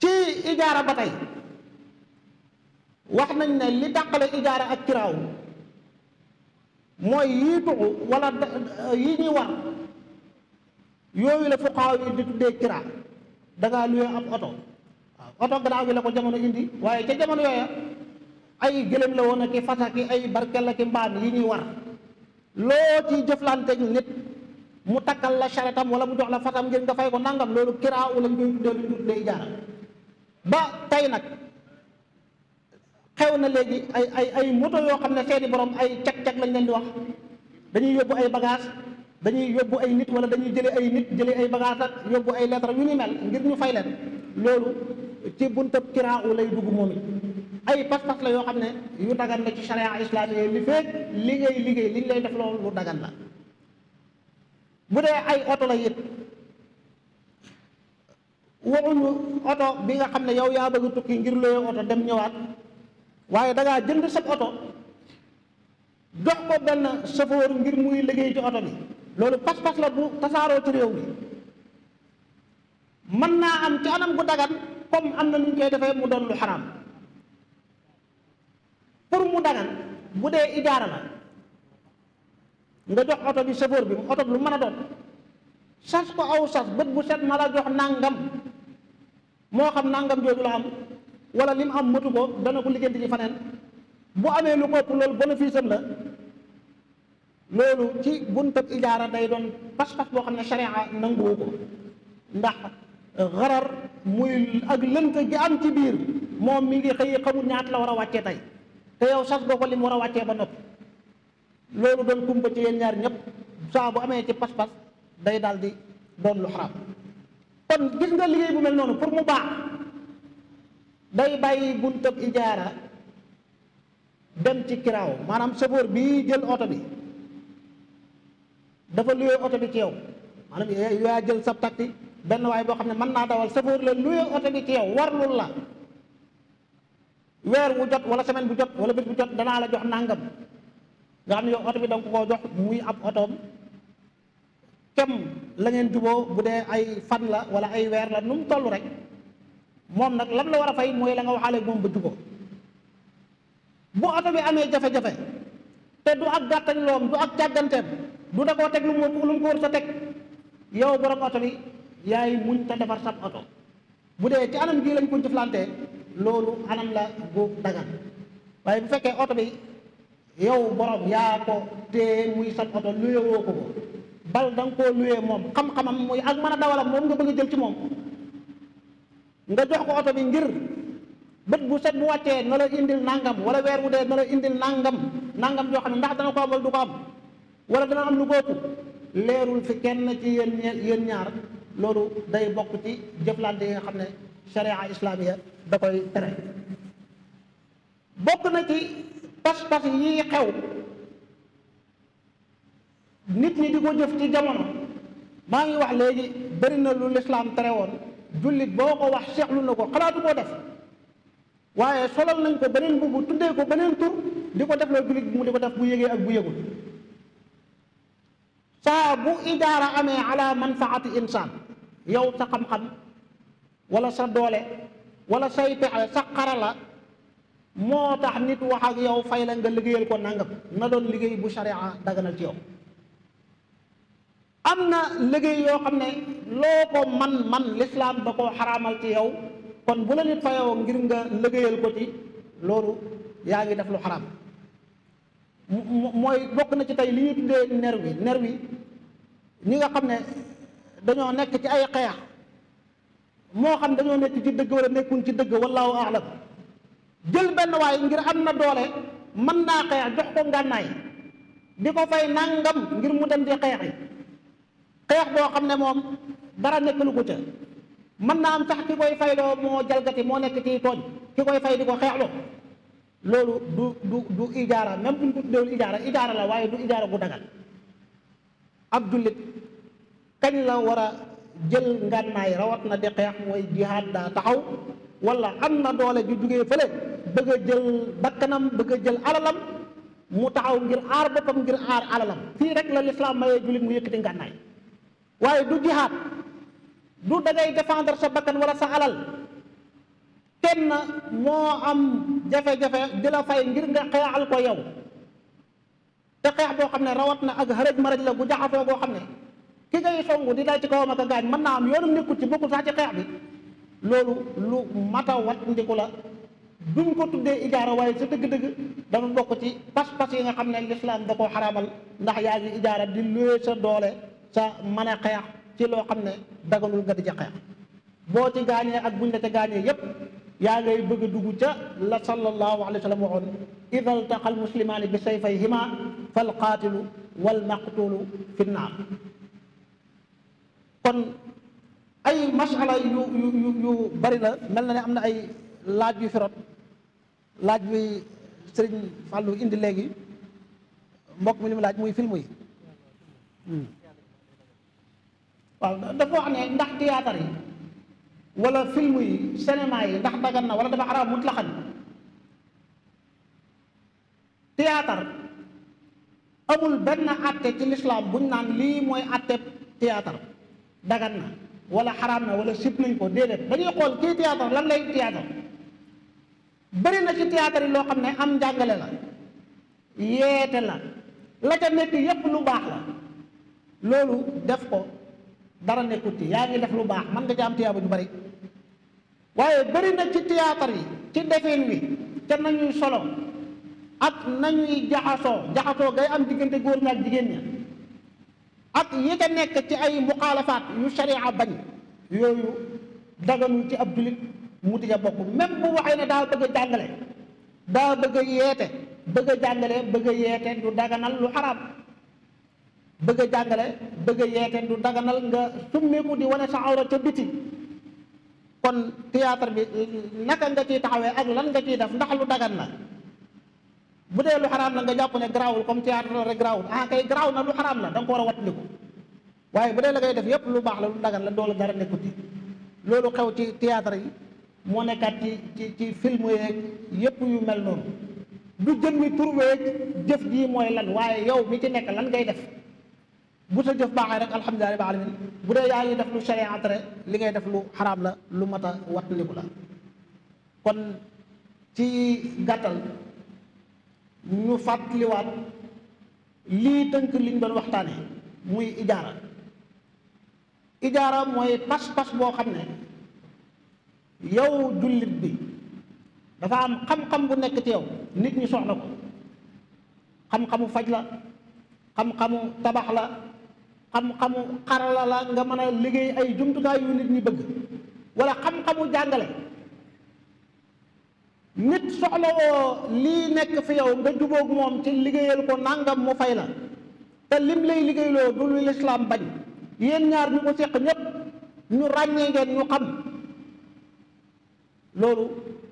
ci ijaara ba tey wax nañ ne li dàqale ijaara ak kiraaw mooy yii tuxu wala yi ñuy war yooyu la fuqaaw yi di tuddee kiraa da ngaa luwee oto oto gannaaw gi la ko jamono indi waaye ca jamono yooya ay gëlëm la woon aki fas aki ay barkel aki mbaam yi ñuy war loo ci jëflanteeg nit mu takkal la charetam wala mu jox la fasam ngir nga fay ko nangam loolu kiraaw lañ koy tuddee lu tey nag xew na léegi ay ay ay moto yoo xam ne seeni borom ay cag-cag lañ leen di wax dañuy yóbbu ay bagage dañuy yóbbu ay nit wala dañuy jële ay nit jëlee ay bagage ak yóbbu ay lettre yu ni mel ngir ñu fay leen loolu ci buntab kiraaw lay dugg moom it ay pas-pas la yoo xam ne yu dagan la ci charia islamique li fekk li ngay liggéey liñ lay def loolu lu dagan la bu dee ay oto la it waxuñu oto bi nga xam ne yow yaa bëgg tukki ngir looyee oto dem ñëwaat waaye da jënd sa oto jox ko benn chauffeur ngir muy liggéey ci oto bi loolu pas-pas la bu tasaaroo ci réew mi mën naa am ci anam gu dagan comme am na nu ñu koy defee mu doon lu xaraam pour mu dagan bu dee ijaara la nga jox oto bi chauffeur bi oto bi lu mën a doon sas ko aw sas bët bu set ma la jox nàngam moo xam nangam jooju la am wala li mu am matu ko dana ko liggéenti ci faneen bu amee lu kopp loolu bénéfice am la loolu ci buntab ijaara day doon pas-pas boo xam ne sharia nanguwu ko ndax xarar muy ak lënt gi am ci biir moom mi ngi xëy xamul ñaata la war a wàccee tey te yow sas nga ko li mu war a wàccee ba noppi loolu doon kumpa ci yéen ñaar ñëpp saa bu amee ci pas-pas day daal di doon lu xaraam kon gis nga liggéey bu mel noonu pour mu baax day bàyyi buntab ijaara dem ci kiraaw maanaam chauffeur bii jël oto bi dafa luye oto bi ci yow maanaam yaa jël sab taxi benn waay boo xam ne mën naa dawal chauffeur la luye oto bi ci yow warlul la weer bu jot wala semaine bu jot wala bés bu jot danaa la jox nàngam nga xam ne oto bi danga koo jox muy ab otoom kem la ngeen juboo bu dee ay fan la wala ay weer la nu mu toll rek moom nag lam la war a fay mooy la nga waxaale moom ba juboo bu oto bi amee jafe-jafe te du ak gàttañ loom du ak càgganteem du da koo teg lu mu lu mu ko war sa teg yow borom oto bi yaay muñ te defar sab oto bu dee ci anam bii lañ ko jëflantee loolu anam la bu dagan waaye bu fekkee oto bi yow borom yaa ko téye muy sa oto luye woo ko ko bal da nga koo luye moom xam-xamam muy ak mën a dawalam moom nga bëgg a jël ci moom nga jox ko oto bi ngir bët bu set bu wàccee na la indil nangam wala weer wu dee na la indil nangam nangam joo xam ne ndax dana ko am wala du ko am wala dana am lu ko ëpp leerul fi kenn ci yéen yéen ñaar loolu day bokk ci jëflante yi nga xam ne sharia islamiya da koy tere bokk na ci pas-pas nit ñi di ko jëf ci jamono maa ngi wax léegi bëri na lu lislaam tere woon jullit boo ko wax seexlu na ko xalaatu koo def waaye solal nañ ko beneen mbubb tuddee ko beneen tur di ko def la jullit mu di ko def bu yëgee ak bu yëgul saa bu ijaara amee ala manfaati insaan yow sa xam-xam wala sa doole wala say pexe sa xarala moo tax nit wax ak yow fay la nga liggéeyal ko nangam na doon liggéey bu sharia daganal ci yow am na liggéey yoo xam ne loo ko man man lislaam da koo xaraamal ci yow kon bu la nit fayoo ngir nga liggéeyal ko ci loolu yaa ngi def lu xaraam mooy bokk na ci tey li ñuy tuddee nervi nervi ñi nga xam ne dañoo nekk ci ay xeex moo xam dañoo nekk ci dëgg wala nekkuñ ci dëgg wallaahu aalam jël benn waay ngir am na doole mën naa xeex jox ko ngànnaay di ko fay nangam ngir mu dem di xeex yi xeex boo xam ne moom dara nekk lu ko ca mën naa am sax ki koy fayloo moo jalgati moo nekk ci tooñ ki koy fay di ko xeexloo loolu du du du ijaara même buñ ko tuddewul ijaara ijaara la waaye du ijaara bu dagal ab jullit kañ la war a jël ngànnaay rawat na di xeex mooy jihaad daa taxaw walla am na doole ju jugee fële bëgg jël bakkanam bëgg jël alalam mu taxaw ngir aar boppam ngir aar alalam fii rek la lislaam mayee jullit mu yëkkati ngànnaay waaye du jihaad du dangay défendre sa bakkan wala sa alal kenn moo am jafe-jafe di la fay ngir nga xeexal ko yow te xeex boo xam ne rawat na ak xërëj maraj la gu jaxasoo goo xam ne ki ngay songu di dal ci kawam a gaañ mën naa am yoonum nekkul ci bokkul sax ci xeex bi loolu lu mata ndiku la duñ ko tuddee ijaara waaye sa dëgg-dëgg dafa bokk ci pas-pas yi nga xam ne lislaam da koo xaraamal ndax yaa ngi ijaara di luwe sa doole sa mën a xeex ci loo xam ne daganul nga di ca xeex boo ci gaañee ak buñ la ca gaañee yépp yaa ngay bëgg a dugg ca la sallallahu alayhi wa sallam waxoon ida ltaqa almuslimaani bi sayfayhima falqaatilu walmaqtulu fi nnaar kon ay masala yu yu yu la mel na ne am na ay laaj yu firot laaj bi sëriñ Fallou indi léegi mbokk mi li mu laaj muy film yi hmm. waaw dafa wax ne ndax théâtre yi wala film yi cinéma yi ndax dagan wala dafa araam mutlaqan théâtre amul benn àtte ci lislaam buñ naan lii mooy àtte théâtre dagan na wala xaraam na wala sib nañ ko déedéet dañuy xool kii théâtre lan lay théâtre bëri na ci théâtre yi loo xam ne am njàngale la yeete la la ca nekk yépp lu baax la loolu def ko dara nekkut ci yaa ngi def lu baax mën nga ca am tiyaaba ju bari waaye bëri na ci théâtre yi ci defin wi te nañuy solo ak nañuy jaxasoo jaxasoo gay am diggante góor ña ak jigéen ña ak yi ca nekk ci ay muxaalafaat yu sharia bañ yooyu daganul ci ab julit mu di bokk même bu waxee ne daa bëgg a jàngale daa bëgg a yeete bëgg a jàngale bëgg a yeete du daganal lu xaraam bëgg a jàngale bëgg a yeete du di wane sa awra ca biti kon théâtre bi naka nga ciy taxawee ak lan nga ciy def ndax lu dagan la bu dee lu xaraam la nga jàpp ne garaawul comme théâtre la rek garaawul ah kay garaaw na lu xaraam la da nga ko war a wattandiku waaye bu dee la ngay def yépp lu baax la lu dagan la doolu dara nekkut ci loolu xew ci théâtre yi moo nekkaat ci ci ci film yépp yu mel noonu du jën mi turweeg jëf jii mooy lan waaye yow mi ci nekk lan ngay def bu sa jëf baaxee rek alhamdulilah rabbil alamin bu dee yaa ngi def lu sharia tere li ngay def lu xaraam la lu mat a wattandiku la kon ñu fàttaliwaat lii tënk liñ doon waxtaane muy ijaara ijaara mooy pas-pas boo xam ne yow jullit bi dafa am xam-xam bu nekk ci yow nit ñi soxla ko xam-xamu faj la xam-xamu tabax la xam-xamu xarala la nga mën a liggéey ay jumtukaay yu nit ñi bëgg walla xam-xamu jàngale nit soxlawoo lii nekk fi yow nga jubóog moom ci liggéeyal ko nangam mu fay la te lim lay liggéeyloo du lu lislaam bañ yéen ñaar ñu ko seq ñépp ñu ràññee ngeen ñu xam loolu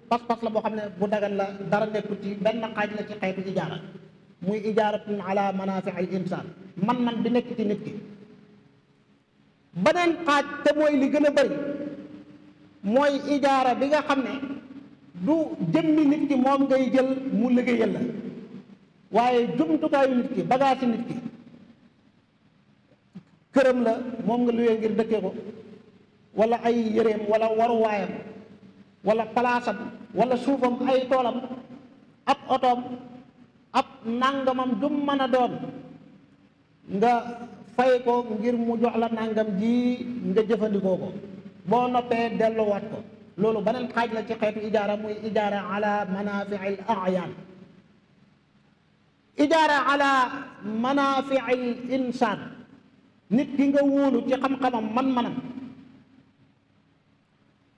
pas-pas la boo xam ne bu dagan la dara nekku ci benn xaaj la ci xeetu ijaara muy ijaaratun ala manaafi al insaan man-man bi nekk ci nit ki beneen xaaj te mooy li gën a bëri mooy ijaara bi nga xam ne du jëmmi nit ki moom ngay jël mu liggéeyal la waaye jumtukaayu nit ki bagage nit ki këram la moom nga luwee ngir dëkkee ko walla ay yéreem wala waruwaayam wala palaasam wala suufam ay toolam ab otoom ab nàngamam jum mën a doon nga fay ko ngir mu jox la nàngam ji nga jëfandikoo ko boo noppee delluwaat ko loolu beneen xaaj la ci xeetu ijaara muy ijaara ala manaafiil ayaan ijaara ala manaafiil insaan nit ki nga wóolu ci xam-xamam man-manam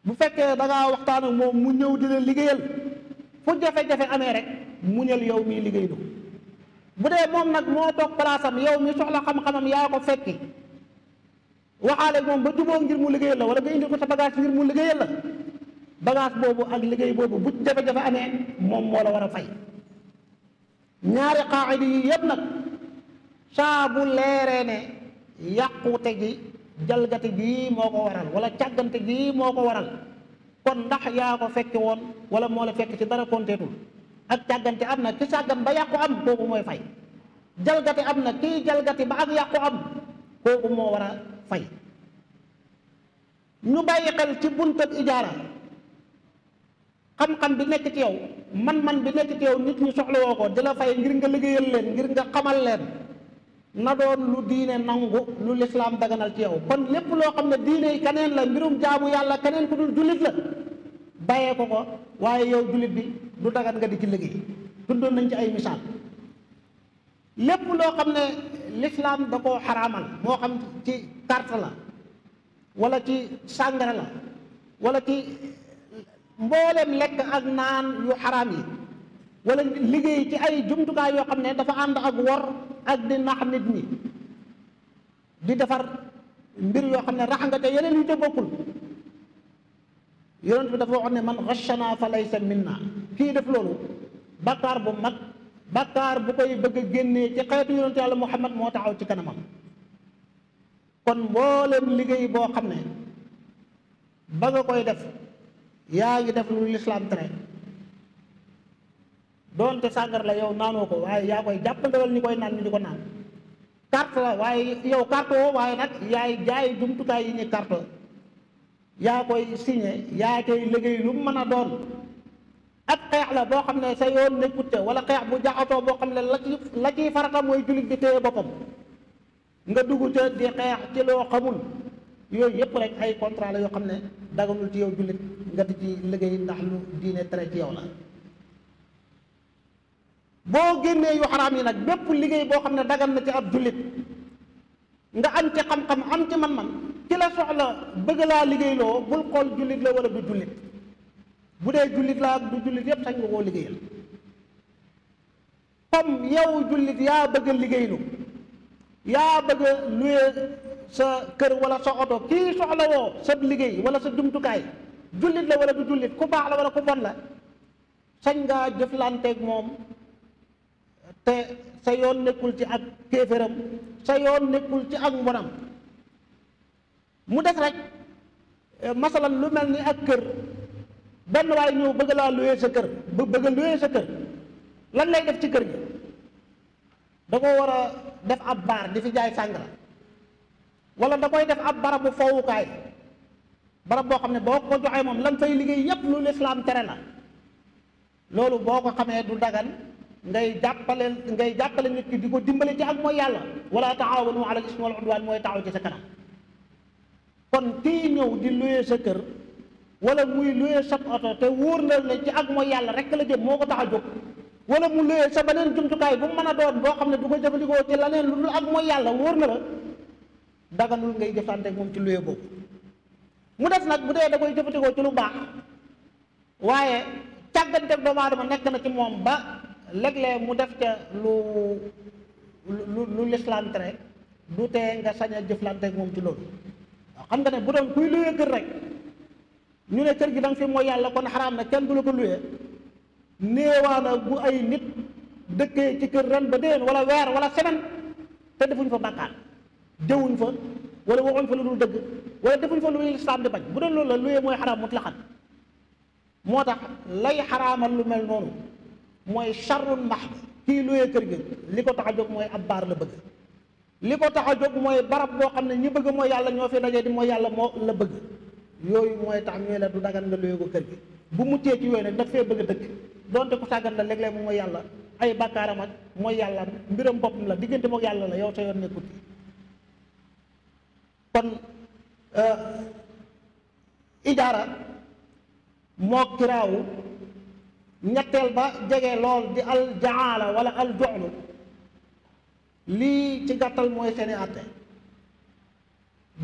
bu fekkee da ngaa waxtaan ak moom mu ñëw di la liggéeyal fu jafe-jafe amee rek mu ñël yow miy liggéey lu bu dee moom nag moo toog palaasam yow mi soxla xam-xamam yaa ko fekki waxaale moom ba juboo ngir mu liggéeyal la wala ga indil ko sa bagage ngir mu liggéeyal la bagage boobu ak liggéey boobu bu jafe-jafe amee moom moo la war a fay ñaari qaacida yi yëpp nag saa bu leeree ne yàqute gi jalgate gii moo ko waral wala càggante gii moo ko waral kon ndax yaa ko fekke woon wala moo la fekk ci dara konteetul ak càggante am na ki càggan ba yàqu am kooku mooy fay jalgate am na kii ba am kooku moo war a fay ñu bàyyi xel ci buntab ijaara xam-xam bi nekk ci yow man-man bi nekk ci yow nit ñi soxlawoo ko di la fay ngir nga liggéeyal leen ngir nga xamal leen na doon lu diine nangu lu lislaam daganal ci yow kon lépp loo xam ne diine keneen la mbirum jaamu yàlla keneen ku dul jullit la bàyyee ko ko waaye yow jullit bi du dagan nga di ci liggéey dundoon nañ ci ay misaal lépp loo xam ne lislaam da koo xaraamal moo xam ci carte la wala ci sàngara la wala ci mboolem lekk ak naan yu xaraam yi wala liggéey ci ay jumtukaay yoo xam ne dafa ànd ak wor ak di nax nit ñi di defar mbir yoo xam ne rax nga te yeneen yu te bokkul yonent bi dafa waxoon ne man xashana fa laysa minna kii def loolu bakkaar bu mag bakkaar bu koy bëgg a génnee ci xeetu yonent yàlla Muhammad moo taxaw ci kanamam kon mboolem liggéey boo xam ne ba nga koy def yaa ngi def lu lislaam tere doonte sàngar la yow naanoo ko waaye yaa koy jàppandewal ñi koy naan ñu di ko naan carte la waaye yow carte woo waaye nag yaay jaay jumtukaay yi ñu carte yaa koy signé yaa koy liggéey lu mën a doon ak xeex la boo xam ne sa yoon nekkut te wala xeex bu jaxatoo boo xam ne la ci la ciy farata mooy jullit bi téye boppam nga dugg ca di xeex ci loo xamul yooyu yëpp rek ay contrat la yoo xam ne daganul ci yow jullit nga di ci liggéey ndax lu diine tere ci yow la boo génnee yu xaraam yi nag bépp liggéey boo xam ne dagan na ci ab jullit nga am ci xam-xam am ci man-man ci soxla bëgg laa liggéeyloo bul xool jullit la wala du bu dee jullit laa du jullit yépp sañ nga koo liggéeyal comme yow jullit yaa bëgg liggéeylu yaa bëgg luye sa kër wala sa oto kii soxla woo sa liggéey wala sa jumtukaay jullit la wala du jullit ku baax la wala ku bon la sañ ngaa jëflanteeg moom te sa yoon nekkul ci ak kéeféram sa yoon nekkul ci ak mbonam mu des rek eh, masalan lu mel ni ak kër benn waay ñëw bëgg laa luyee sa kër bëgg a luyee sa kër lan lay def ci kër gi da ko war a def ab baar di fi jaay sàngara wala da koy def ab barabu fowukaay barab boo xam ne boo ko joxee moom lan fay liggéey yépp lu lislaam tere la loolu boo ko xamee du dagan ngay jàppale ngay jàppale nit ki di ko dimbale ci ak moo yàlla wala taawanu ala ismi wal udwaan mooy taaw ci sa kanam kon kii ñëw di luyee sa kër wala muy luyee sa oto te wóor na ne ci ak moo yàlla rek la jëm moo ko tax a jóg wala mu luyee sa beneen jumtukaay bu mu mën a doon boo xam ne du ko jëfandikoo ci leneen lu dul ak mooy yàlla wóor na la daganul ngay jëflanteeg moom ci luye boobu mu des nag bu dee da koy jëfandikoo ci lu baax waaye càgganteeg doomu aadama nekk na ci moom ba léeg-léeg mu def ca lu lu lu lislaam tere du tee nga sañ a moom ci loolu xam nga ne bu doon kuy luye kër rek ñu ne kër gi da nga fi mooy yàlla kon xaraam na kenn du la ko luye néewaana bu ay nit dëkkee ci kër ren ba déwén wala weer wala semaine te defuñ fa bàkkaar déwuñ fa wala waxuñ fa lu dul dëgg wala defuñ fa lu lislaam di bañ bu doon loolu la luye mooy xaraam mutlaxan moo tax lay xaraamal lu mel noonu mooy charrun mahd kii luye kër gi li ko tax a jóg mooy ab baar la bëgg li ko tax a jóg mooy barab boo xam ne ñi bëgg mooy yàlla ñoo fi dajee di mooy yàlla moo la bëgg yooyu mooy tax ñu la du dagan nga luye ko kër gi bu muccee ci yooyu nag daf fee bëgg dëkk donte ku sàggan la léeg-léeg mu mooy yàlla ay bàkkaaram mooy yàlla mbiram boppam la diggante mook yàlla la yow sa yoon nekkut kon euh, ijaara moo kiraawu ñetteel ba jege lool di aljaala wala aljoxlu lii ci gàttal mooy seeni àtte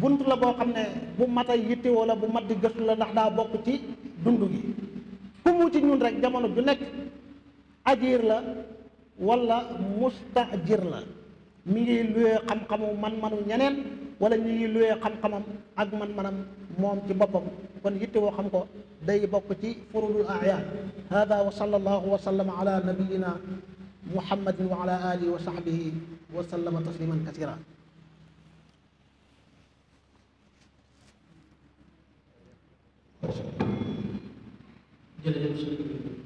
bunt la boo xam ne bu mat a yitte wala bu mat di gëstu la ndax daa bokk ci dund gi ku mu ci ñun rek jamono ju nekk ajiir la wala mustajir la mu ngi luwee xam-xamu man-manu ñeneen wala ñu ngi luwee xam-xamam ak man-manam moom ci boppam kon yitte woo xam ko day bokk ci furudul aayaan hada wa sallallahu wa sallama ala nabiyina muhammadin wa ala alihi wa sahbihi wa sallama tasliman kasira jërëjëf